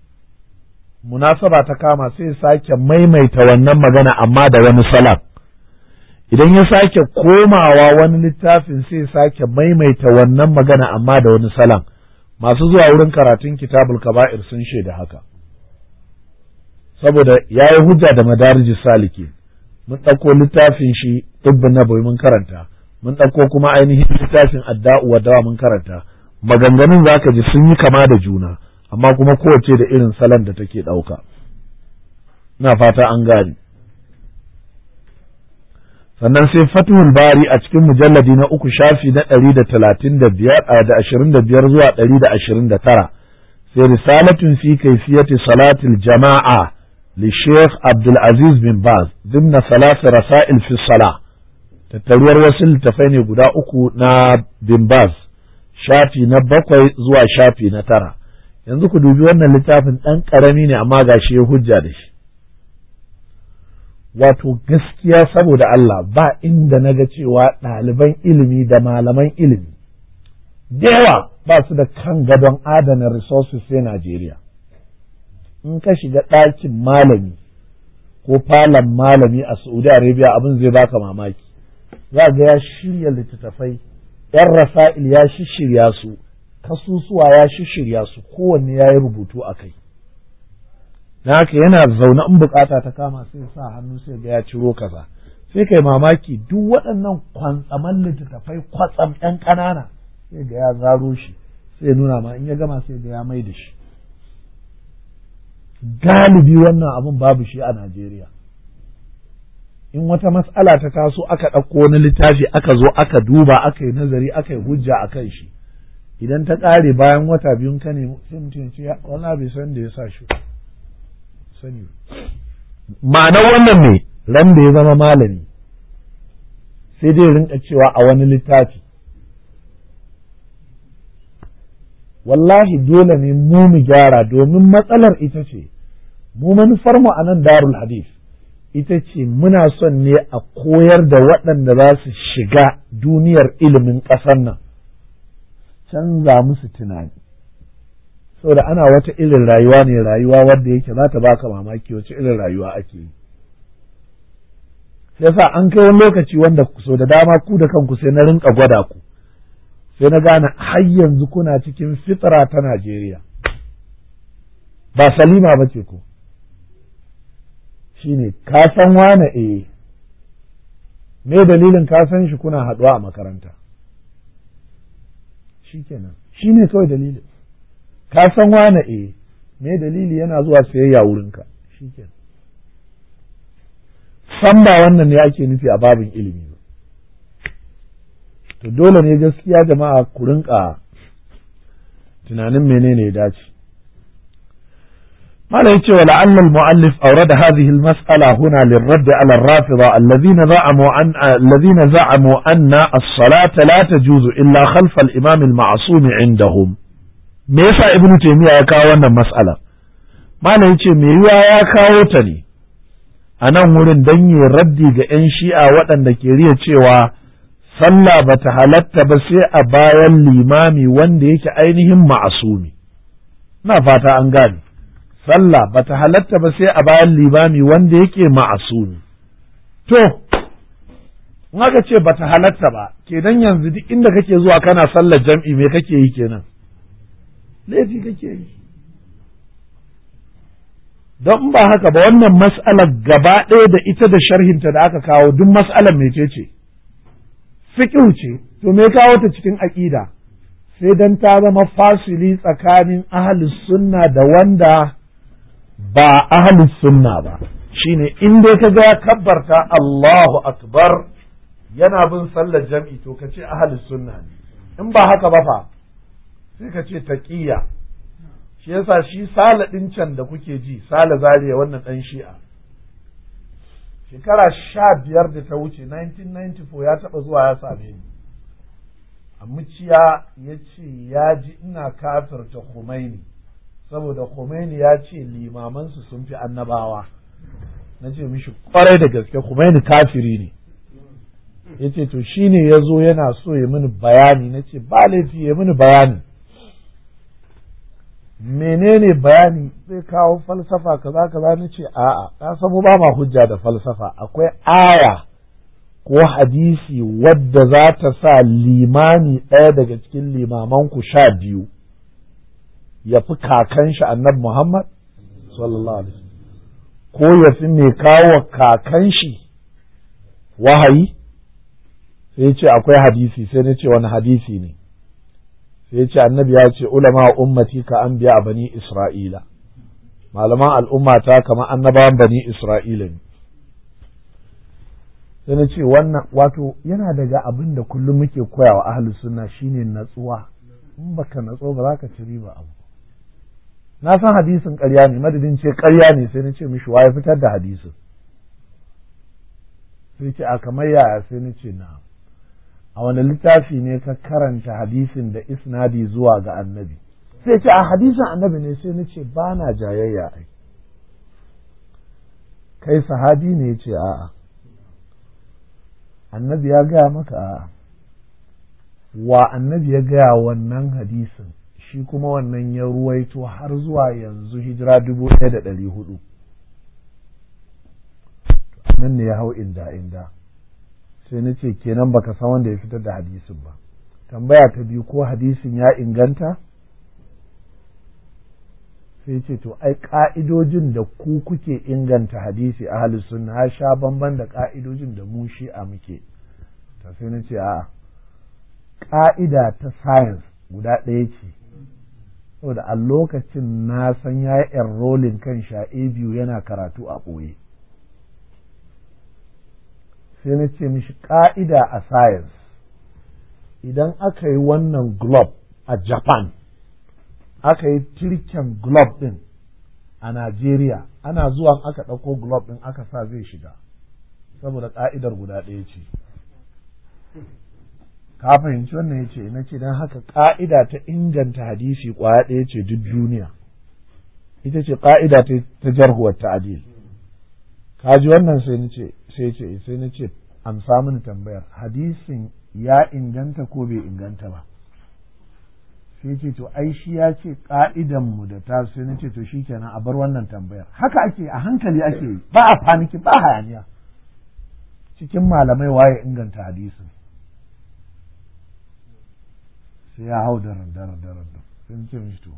munasaba ta kama sai sake maimaita wannan magana amma da wani salaf idan ya sake komawa wani littafin sai sake maimaita wannan magana amma da wani salan masu zuwa wurin karatun kitabul kaba'ir sun shaida haka saboda ya yi hujja da madarijin saliki mun ɗauko littafin shi dubbin nabawi mun karanta mun ɗauko kuma ainihin littafin adda'u wa dawa mun karanta maganganun za ka ji sun yi kama da juna amma kuma kowace da irin salon da take ɗauka ina fata an gane sannan sai fathul bari a cikin mujalladi na uku shafi na ɗari da talatin da biyar da ashirin da biyar zuwa ɗari da ashirin da tara sai risalatun fi kaifiyati salatil jama'a li sheikh abdul bin baz dimna salasa rasa'il fi sala tattaruwar wasu littafai ne guda uku na bin baz shafi na bakwai zuwa shafi na tara yanzu ku dubi wannan littafin ɗan ƙarami ne amma gashi ya hujja da shi wato gaskiya saboda Allah ba inda na ga cewa ɗaliban ilimi da malaman ilimi da yawa ba su da kan gadon adana resources sai Najeriya in ka shiga ɗakin malami ko falon malami a Saudi Arabia abin zai baka mamaki za ga ya shirya littattafai ‘yan rasa'il ya shirya su kasusuwa ya shirya su kowanne ya yi rubutu a kai da haka yana zaune in bukata ta kama sai sa hannu sai ga ya ciro kaza sai kai mamaki duk waɗannan kwantsaman littattafai kwatsam ɗan ƙanana sai ga ya zaro shi sai nuna ma in ya gama sai ga ya mai da shi galibi wannan abin babu shi a Najeriya in wata matsala ta taso aka ɗauko wani littafi aka zo aka duba aka yi nazari aka yi hujja a kan shi idan ta ƙare bayan wata biyun ka ne sai mutum ce wani abu san da ya sa shi sani wannan ne ran da ya zama malami sai dai rinka cewa a wani littafi wallahi dole ne mu mu gyara domin matsalar ita ce mu manufarmu a nan darul hadith ita ce muna son ne a koyar da waɗanda za su shiga duniyar ilimin ƙasar nan canza musu tunani saboda ana wata irin rayuwa ne rayuwa wadda yake za ta baka mamaki wace irin rayuwa ake yi sai sa an kai wani lokaci wanda so da dama ku da kanku sai na rinka gwada ku sai na gane har yanzu kuna cikin fitara ta Najeriya ba salima ba ce ku shine ka san wane eh me dalilin ka san shi kuna haɗuwa a makaranta shikenan shine kawai dalilin ka san wane e me dalili yana zuwa sayayya wurinka shikenan san ba wannan ne ake nufi a babin ilimi ba to dole ne gaskiya jama'a ku rinka tunanin menene ya dace ما لا يتوى لعل المؤلف أورد هذه المسألة هنا للرد على الرافضة الذين زعموا أن الذين زعموا أن الصلاة لا تجوز إلا خلف الإمام المعصوم عندهم me yasa ibnu taymiya ya kawo wannan mas'ala malam yace me yiwa ya kawo ta ne a nan wurin dan yi raddi ga yan shi'a waɗanda ke riya cewa sallah bata halatta ba sai a bayan limami wanda yake ainihin ma'asumi na fata an gane sallah bata halatta ba sai a bayan limami wanda yake ma'asumi to in aka ce bata halatta ba kenan yanzu duk inda kake zuwa kana sallar jam'i me kake yi kenan laifi kake yi don ba haka ba wannan mas'alar gaba ɗaya da ita da sharhinta da aka kawo duk mas'alar mai ce fiƙiu ce to me kawo ta cikin aƙida sai don ta zama fasili tsakanin ahalus sunna da wanda ba ahalus sunna ba shine in dai ka ga kabbarta Allahu akbar yana bin sallar jam'i to ka ce ahalus sunna ne in ba haka ba fa sai ka ce taqiya shi yasa shi sala din can da kuke ji sala zariya wannan dan shi'a shekara sha biyar da ta wuce 1994 ya taɓa zuwa ya same ni a ya ce ya ji ina kafirta Khomeini saboda Khomeini ya ce limamansu sun fi annabawa na ce mishi kwarai da gaske Khomeini kafiri ne ya ce to shine ya zo yana so ya mini bayani na ce ba laifi ya mini bayani menene bayani zai kawo falsafa kaza kaza ni ce a'a ka samu ba ma hujja da falsafa akwai aya ko hadisi wadda za ta sa limani ɗaya daga cikin limaman ku sha biyu ya fi kakan shi annabi Muhammad sallallahu alaihi ko ya fi mai kawo kakan shi wahayi sai ce akwai hadisi sai na ce wani hadisi ne sai ce annabi ya ce ulama ummati ka an biya bani isra'ila malaman al'umma ta kama annabawan bani isra'ila ne sai na ce wannan wato yana daga abin da kullum muke koya wa suna sunna shine natsuwa in baka natso ba za ka ci riba abu na san hadisin karya ne madadin ce karya ne sai na ce mishi ya fitar da hadisin sai ce a kamar yaya sai na ce na'am a wani littafi ne ka karanta hadisin da isnadi zuwa ga annabi sai ce a hadisin annabi ne sai na ce ba na jayayya ai kai sahabi ne ya ce a'a annabi ya gaya maka a'a wa annabi ya gaya wannan hadisin shi kuma wannan ya ruwaito har zuwa yanzu hijira dubu ɗaya da ɗari hudu nan ne ya hau inda inda sai na ce kenan baka san wanda ya fitar da hadisin ba tambaya ta biyu ko hadisin ya inganta sai ce to ai ka'idojin da ku kuke inganta hadisi a halisun na sha bamban da ka'idojin da mu shi a muke ta sai na ce a'a ka'ida ta science guda ɗaya ce saboda a lokacin na san ya yi enrolling kan sha biyu yana karatu a ɓoye sai na ce mishi ƙa'ida a science idan aka yi wannan globe a japan aka yi tirken globe ɗin a Najeriya ana zuwa aka ɗauko globe ɗin aka sa zai shiga saboda ƙa'idar guda ɗaya ce ka fahimci wannan ya ce na ce don haka ƙa'ida ta inganta hadisi ƙwaya ɗaya ce duk duniya ita ce ƙa'ida ta jarhuwar ta'adil ka ji wannan sai ni ce sai ce sai na ce amsa mini tambayar hadisin ya inganta ko bai inganta ba sai ce to ai shi ya ce ka'idan mu da ta sai na ce to shi kenan a bar wannan tambayar haka ake a hankali ake yi ba a faniki ba hayaniya cikin malamai waye inganta hadisin sai ya hau daren daren daren sai ce mishi to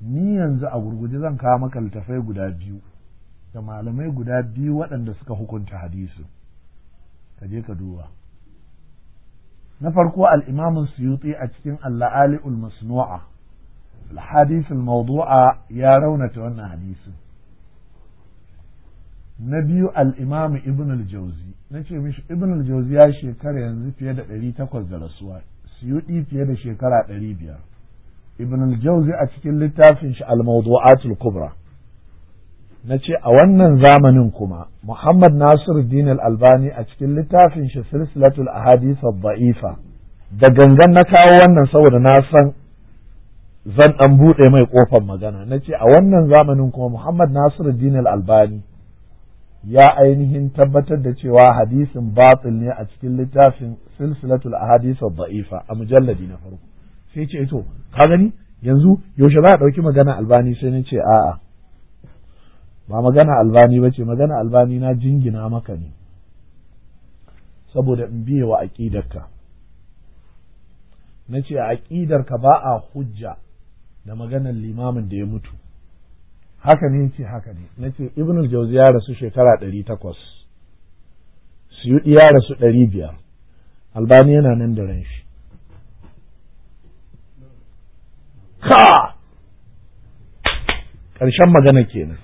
ni yanzu a gurguje zan kawo maka littafai guda biyu da malamai guda biyu waɗanda suka hukunta hadisu, ka je ka duba na farko al'imamin suyuti a cikin alla'ali ulmasnu'a al-hadisul mawdu'a ya raunata wannan hadisin na biyu al'imamu ibn al-jauzi na ce mishi ibn al-jauzi ya shekara yanzu fiye da ɗari takwas da rasuwa suyuɗi fiye da shekara ɗari biyar ibn al-jauzi a cikin littafin shi al-mawdu'atul kubra na ce a wannan zamanin kuma Muhammad Nasiru Al-Albani a cikin littafin shi silsilatul ahadith da'ifa da gangan na kawo wannan saboda na san zan dan bude mai kofar magana na ce a wannan zamanin kuma Muhammad Nasiru Al-Albani ya ainihin tabbatar da cewa hadisin batil ne a cikin littafin silsilatul ahadith da'ifa a mujalladi na farko sai ce eh to ka gani yanzu yaushe za a ɗauki magana Albani sai ni ce a'a ba magana albani ba ce magana albani na jingina maka ne saboda in biye wa aƙidarka na ce a aƙidarka ba a hujja da maganar limamin da ya mutu haka ne ce haka ne na ce ibn jauzi ya rasu shekara ɗari takwas suyuɗi ya rasu ɗari biyar albani yana nan da ran shi ƙarshen magana kenan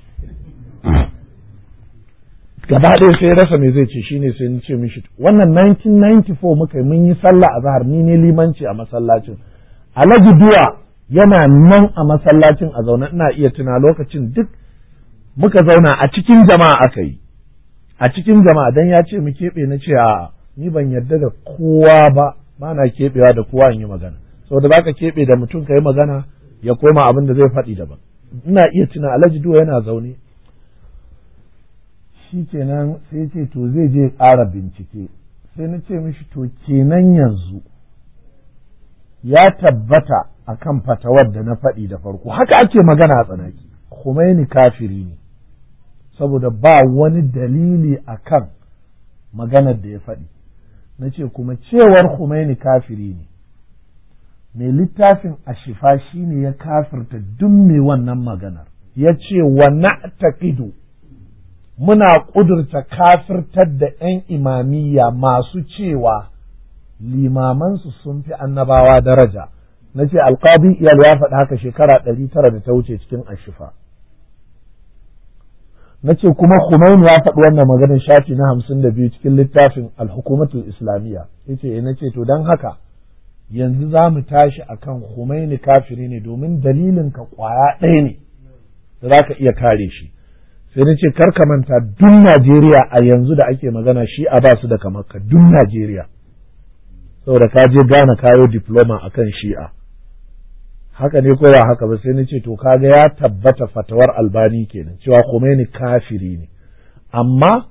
gaba ɗaya sai rasa me zai ce shi ne sai ni ce mishi wannan 1994 muka yi mun yi sallah a zahar ni ne limanci a masallacin alhaji duwa yana nan a masallacin a zaune ina iya tuna lokacin duk muka zauna a cikin jama'a aka yi a cikin jama'a dan ya ce mu keɓe na ce a ni ban yarda da kowa ba ba na keɓewa da kowa in yi magana saboda za ka keɓe da mutum ka yi magana ya koma abin da zai faɗi daban ina iya tuna alhaji duwa yana zaune shi kenan sai ce to zai je ƙara bincike sai na ce mishi to kenan yanzu ya tabbata a kan fatawar da na faɗi da farko haka ake magana a tsanaki Khomeini kafiri ne saboda ba wani dalili a kan maganar da ya faɗi na ce kuma cewar Khomeini kafiri ne mai littafin a shifa shi ne ya kafirta duk mai wannan maganar ya ce wa na taƙido muna ƙudurta kafirtar da ‘yan imamiyya masu cewa limamansu sun fi annabawa daraja na ce alƙadi iyal ya faɗi haka shekara ɗari tara da ta wuce cikin ashifa na ce kuma Khomeini ya faɗi wannan maganin shafi na hamsin da biyu cikin littafin alhukumatul islamiyya ya ce eh, na ce to don haka yanzu za mu tashi a kan Khomeini kafiri ne domin dalilin ka ƙwaya ɗaya ne da za ka iya kare shi sai na ce kar ka manta duk Najeriya a yanzu da ake magana shi a ba su da kamar ka duk Najeriya saboda ka je gane kayo diploma akan shi'a haka ne ko ba haka ba sai na ce to kaga ya tabbata fatawar albani kenan cewa Khomeini kafiri ne amma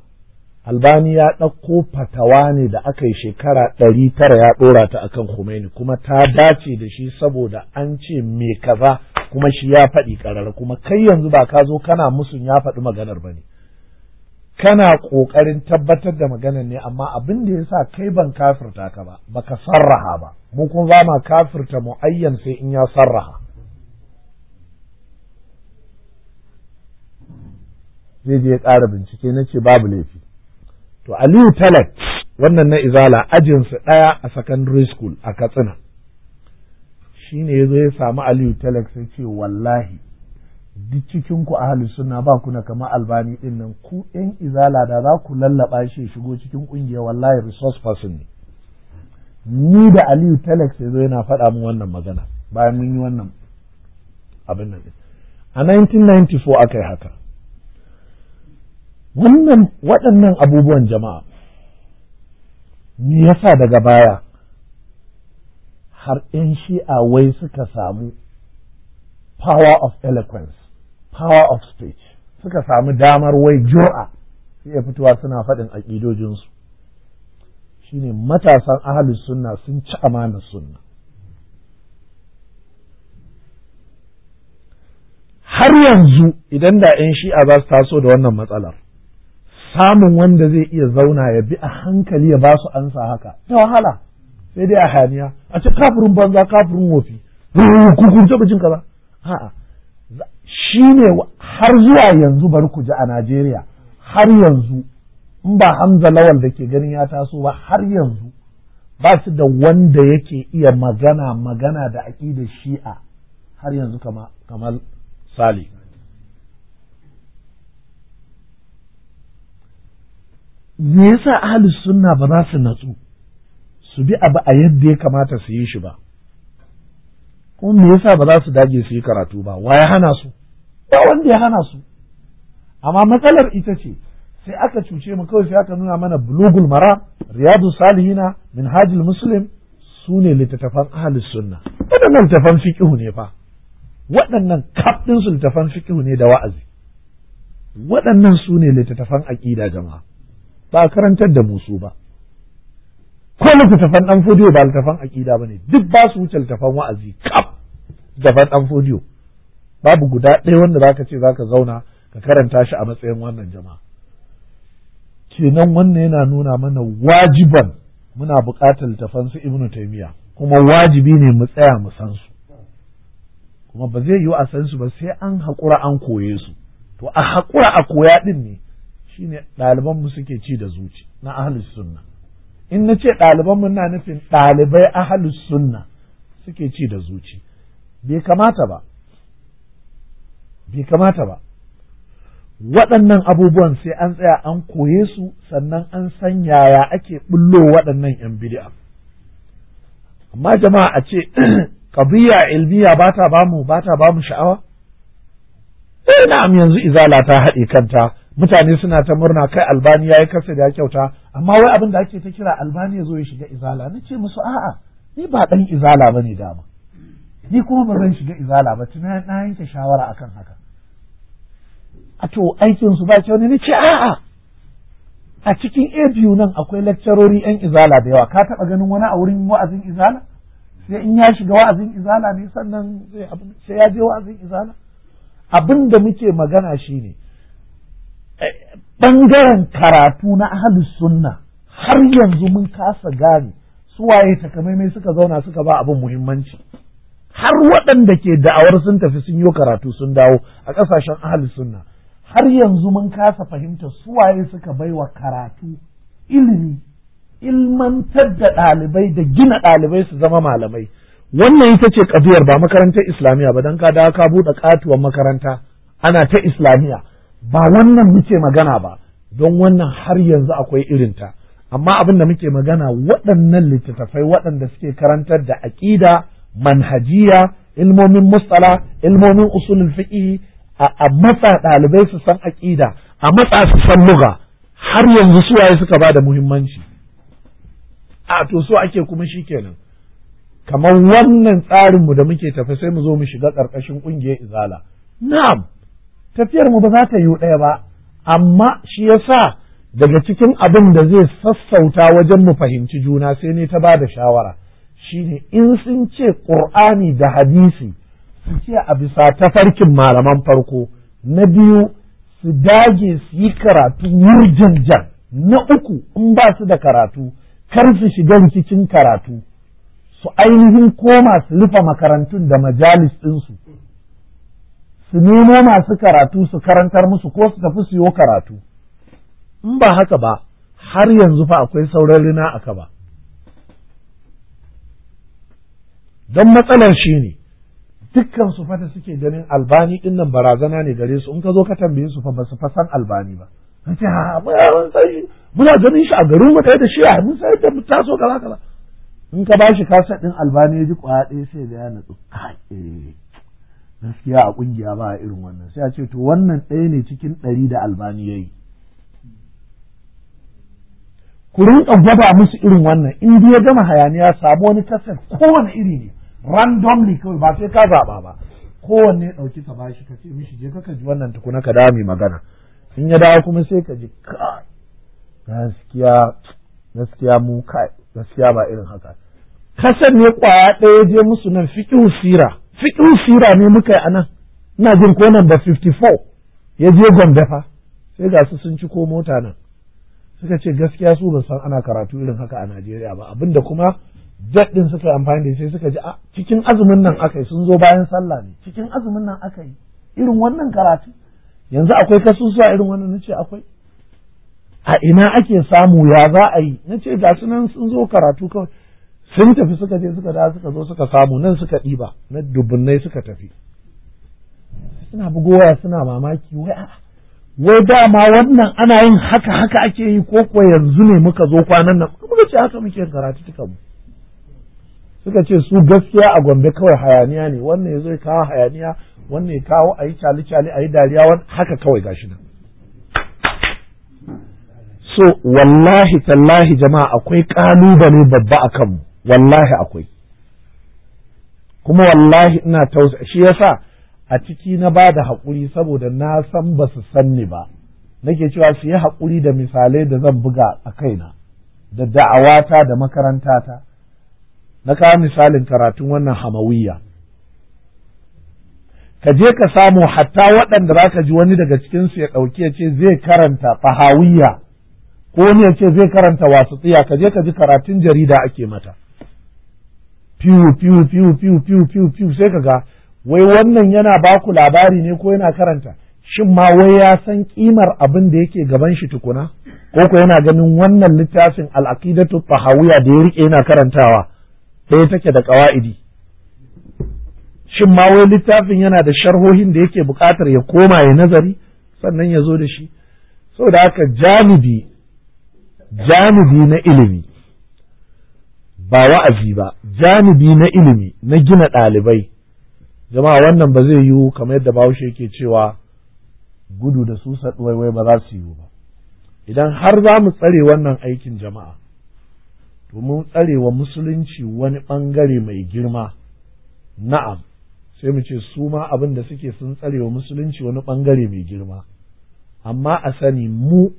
albani ya ɗauko fatawa ne da aka yi shekara ɗari tara ya ɗora ta akan Khomeini kuma ta dace da shi saboda an ce me kaza kuma shi ya faɗi ƙarara kuma kai yanzu ba ka zo kana musun ya faɗi maganar ba ne kana ƙoƙarin tabbatar da maganar ne amma abin da ya sa kai ban kafirta ka ba ba ka sarraha ba mu kuma za ma kafirta mu ayyan sai in ya sarraha zai je ya ƙara bincike na ce babu laifi to aliyu talat wannan na izala ajinsu ɗaya a secondary school a katsina Shi ne ya samu Aliyu Talak sai ce wallahi duk cikin ku ahli sunna ba ku na kamar albani din nan ku ɗan izala da za ku lallaba shi shigo cikin kungiya wallahi resource person ne ni da Aliyu Talak sai zo yana faɗa min wannan magana bayan mun yi wannan abin nan a 1994 aka yi haka wannan waɗannan abubuwan jama'a ni yasa daga baya har ‘yan shi'a wai suka samu power of eloquence, power of speech, suka samu damar wai jura su iya fitowa suna faɗin aƙidojinsu. Shi ne matasan ahalus sunna sun ci amanar sunna. Har yanzu idan da ‘yan shi'a za su taso da wannan matsalar, samun wanda zai iya zauna ya bi a hankali ya ba su ansa haka, ta wahala. sai dai a haniya a ce kafirin banza kafirin wofi kuku taɓa jin kaza a'a shi ne har zuwa yanzu bari ku ji a Najeriya har yanzu in ba Hamza Lawal da ke ganin ya taso ba har yanzu ba su da wanda yake iya magana magana da aƙidar shi'a har yanzu kamar sali me yasa ahlus sunna ba za su natsu su bi abu a yadda ya kamata su yi shi ba kuma me yasa ba za su dage su yi karatu ba wa ya hana su ba wanda ya hana su amma matsalar ita ce sai aka cuce mu kawai sai aka nuna mana bulugul mara riyadu salihina minhajul muslim su ne littattafan ahlus sunna waɗannan littattafan fiƙihu ne fa waɗannan kaf ɗin su littattafan fiƙihu ne da wa'azi waɗannan su ne littattafan aƙida jama'a ba karantar da musu ba ko littattafan ɗan fodiyo ba littattafan aƙida ba ne duk ba su wuce littattafan wa'azi kaf littattafan ɗan fodiyo babu guda ɗaya wanda zaka ce zaka zauna ka karanta shi a matsayin wannan jama'a kenan wannan yana nuna mana wajiban muna buƙatar littattafan su ibnu taymiya kuma wajibi ne mu tsaya mu san su kuma ba zai yiwu a san su ba sai an haƙura an koye su to a haƙura a koya ɗin ne shine ɗaliban mu suke ci da zuci na ahlus sunna in na ce ɗalibanmu na nufin ɗalibai ahalus sunna suke ci da zuci bai kamata ba bai kamata ba waɗannan abubuwan sai an tsaya an koye su sannan an san yaya ake ɓullo waɗannan 'yan bid'a amma jama'a a ce ƙabiya ilmiya ba ta bamu ba ta bamu sha'awa eh, na'am yanzu izala ta haɗe kanta mutane suna ta murna kai albani ya yi kasa da ya kyauta amma wai abin da ake ta kira albani ya zo ya shiga izala na ce musu a'a ni ba dan izala ba ne dama ni kuma ba zan shiga izala ba tuna na yanke shawara akan haka a to aikin su ba kyau wani ni ce a'a a cikin a nan akwai lakcarori yan izala da yawa ka taba ganin wani a wurin wa'azin izala sai in ya shiga wa'azin izala ne sannan sai ya je wa'azin izala abin da muke magana shine ɓangaren karatu na ahalus sunna har yanzu mun kasa gane suwaye takamaimai suka zauna suka ba abin muhimmanci har waɗanda ke da'awar sun tafi sun yi karatu sun dawo a ƙasashen ahalus sunna har yanzu mun kasa fahimta waye suka baiwa karatu ilimi ilmantar da ɗalibai da gina ɗalibai su zama malamai wannan ita ce ƙabiyar ba makarantar islamiyya ba don ka dawo ka buɗe ƙatuwar makaranta ana ta islamiyya ba wannan muke magana ba don wannan har yanzu akwai irinta amma abin da muke magana waɗannan littattafai waɗanda suke karantar da aƙida manhajiya ilmomin mustala ilmomin usulul fiqh a matsa ɗalibai su san aƙida a matsa su san luga har yanzu su waye suka ba da muhimmanci a to so ake kuma shikenan kamar wannan tsarinmu da muke tafi sai mu zo mu shiga ƙarƙashin ƙungiyar izala na'am tafiyar mu ba za ta yi ɗaya ba amma shi yasa daga cikin abin da zai sassauta wajen mu fahimci juna sai ne ta ba da shawara shine in sun ce ƙur'ani da hadisi su ce a bisa ta farkin malaman farko na biyu su dage su yi karatu wurjan jan na uku in ba su da karatu kar su shiga cikin karatu su ainihin koma su rufe makarantun da majalis ɗinsu su nemo masu karatu su karantar musu ko su tafi siyo karatu in ba haka ba har yanzu fa akwai sauran rina a kaba don matsalar shi ne dukkan su fata suke ganin albani din nan barazana ne gare su in ka zo ka tambaye su fa ba su fasan albani ba ce ha mun sai muna ganin shi a garin mu kai da shi mun sai da mu taso kaza kaza in ka ba shi kasa din albani ya ji kwaya ɗaya sai da ya natsu kai eh. gaskiya a kungiya ba a irin wannan sai a ce to wannan ɗaya ne cikin ɗari da albani ya yi ku rinka gwada musu irin wannan in ya gama hayaniya samu wani kasar kowane iri ne randomly kawai ba sai ka zaɓa ba kowanne ya ɗauki ka bashi ka ce mishi je ka ji wannan tukuna ka dami magana in ya dawo kuma sai ka ji kai gaskiya gaskiya mu kai gaskiya ba irin haka kasan ne kwaya ɗaya je musu nan fiƙin sira fiɗin sira ne muka yi a nan ina jin ko nan da 54 ya je gombe fa sai ga su sun ci ko mota nan suka ce gaskiya su ba san ana karatu irin haka a Najeriya ba abinda kuma jet ɗin suka yi amfani da sai suka ji a ah, cikin azumin nan aka yi sun zo bayan sallah ne cikin azumin nan aka yi irin wannan karatu yanzu akwai kasusuwa irin wannan nace akwai a ina ake samu ya za a yi nace ga su nan sun zo karatu kawai sun tafi suka je suka da suka zo suka samu nan suka ɗiba na dubunnai suka tafi suna bugowa suna mamaki wai a wai dama wannan ana yin haka haka ake yi ko kuwa yanzu ne muka zo kwanan nan muka ce haka muke karatu tuka mu suka ce su gaskiya a gombe kawai hayaniya ne wannan ya zo kawo hayaniya wannan ya kawo ayi cali-cali Ayi yi dariya wani haka kawai gashi nan so wallahi tallahi jama'a akwai kalubale babba a kanmu wallahi akwai kuma wallahi ina tausa shi yasa a ciki na ba da haƙuri saboda na san ba su san ni ba nake cewa su yi haƙuri da misalai da zan buga a kaina da da'awata da makarantata na kawo misalin karatun wannan hamawiyya ka je ka samu hatta waɗanda za ka ji wani daga cikinsu ya ɗauki ya ce zai karanta fahawiyya ko wani ya ce zai karanta wasu tsiya ka je ka ji karatun jarida ake mata fiyu fiyu fiyu fiyu fiyu fiyu fiyu sai kaga wai wannan yana ba ku labari ne ko yana karanta shin ma wai ya san kimar abin da yake gaban shi tukuna ko ko yana ganin wannan littafin al-aqidatu da ya rike yana karantawa ɗaya take da qawaidi shin ma wai littafin yana da sharhohin da yake buƙatar ya koma ya nazari sannan ya zo da shi saboda haka janibi janibi na ilimi ba wa'azi ba janibi na ilimi na gina ɗalibai jama'a wannan ba zai yiwu kamar yadda bahaushe ke cewa gudu da su wai ba za su yiwu ba idan har za mu tsare wannan aikin jama'a domin tsare wa musulunci wani ɓangare mai girma na'am sai mu ce su ma abin da suke sun tsare wa musulunci wani ɓangare mai girma amma a sani mu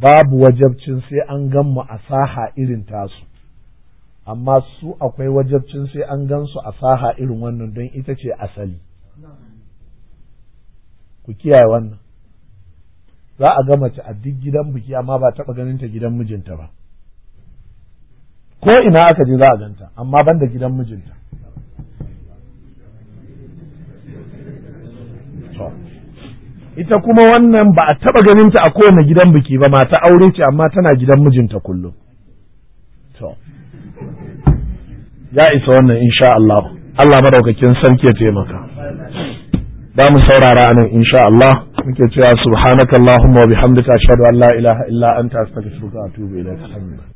babu wajabcin sai an gan mu a saha irin tasu amma su akwai wajabcin sai an gan su a saha irin wannan don ita ce asali ku kiyaye wannan za a ga mace a duk gidan biki amma ba taɓa ganin ta gidan mijinta ba ko ina aka je za a ganta amma ban da gidan mijinta ita kuma wannan ba a taɓa ganin ta a kowane gidan biki ba mata aure ce amma tana gidan mijinta kullum ya isa wannan insha Allah Allah madaukakin sarki ya taimaka Ba mu saurara anan insha Allah muke cewa subhanakallahumma wa bihamdika ashhadu an la ilaha illa anta astaghfiruka wa atubu ilaik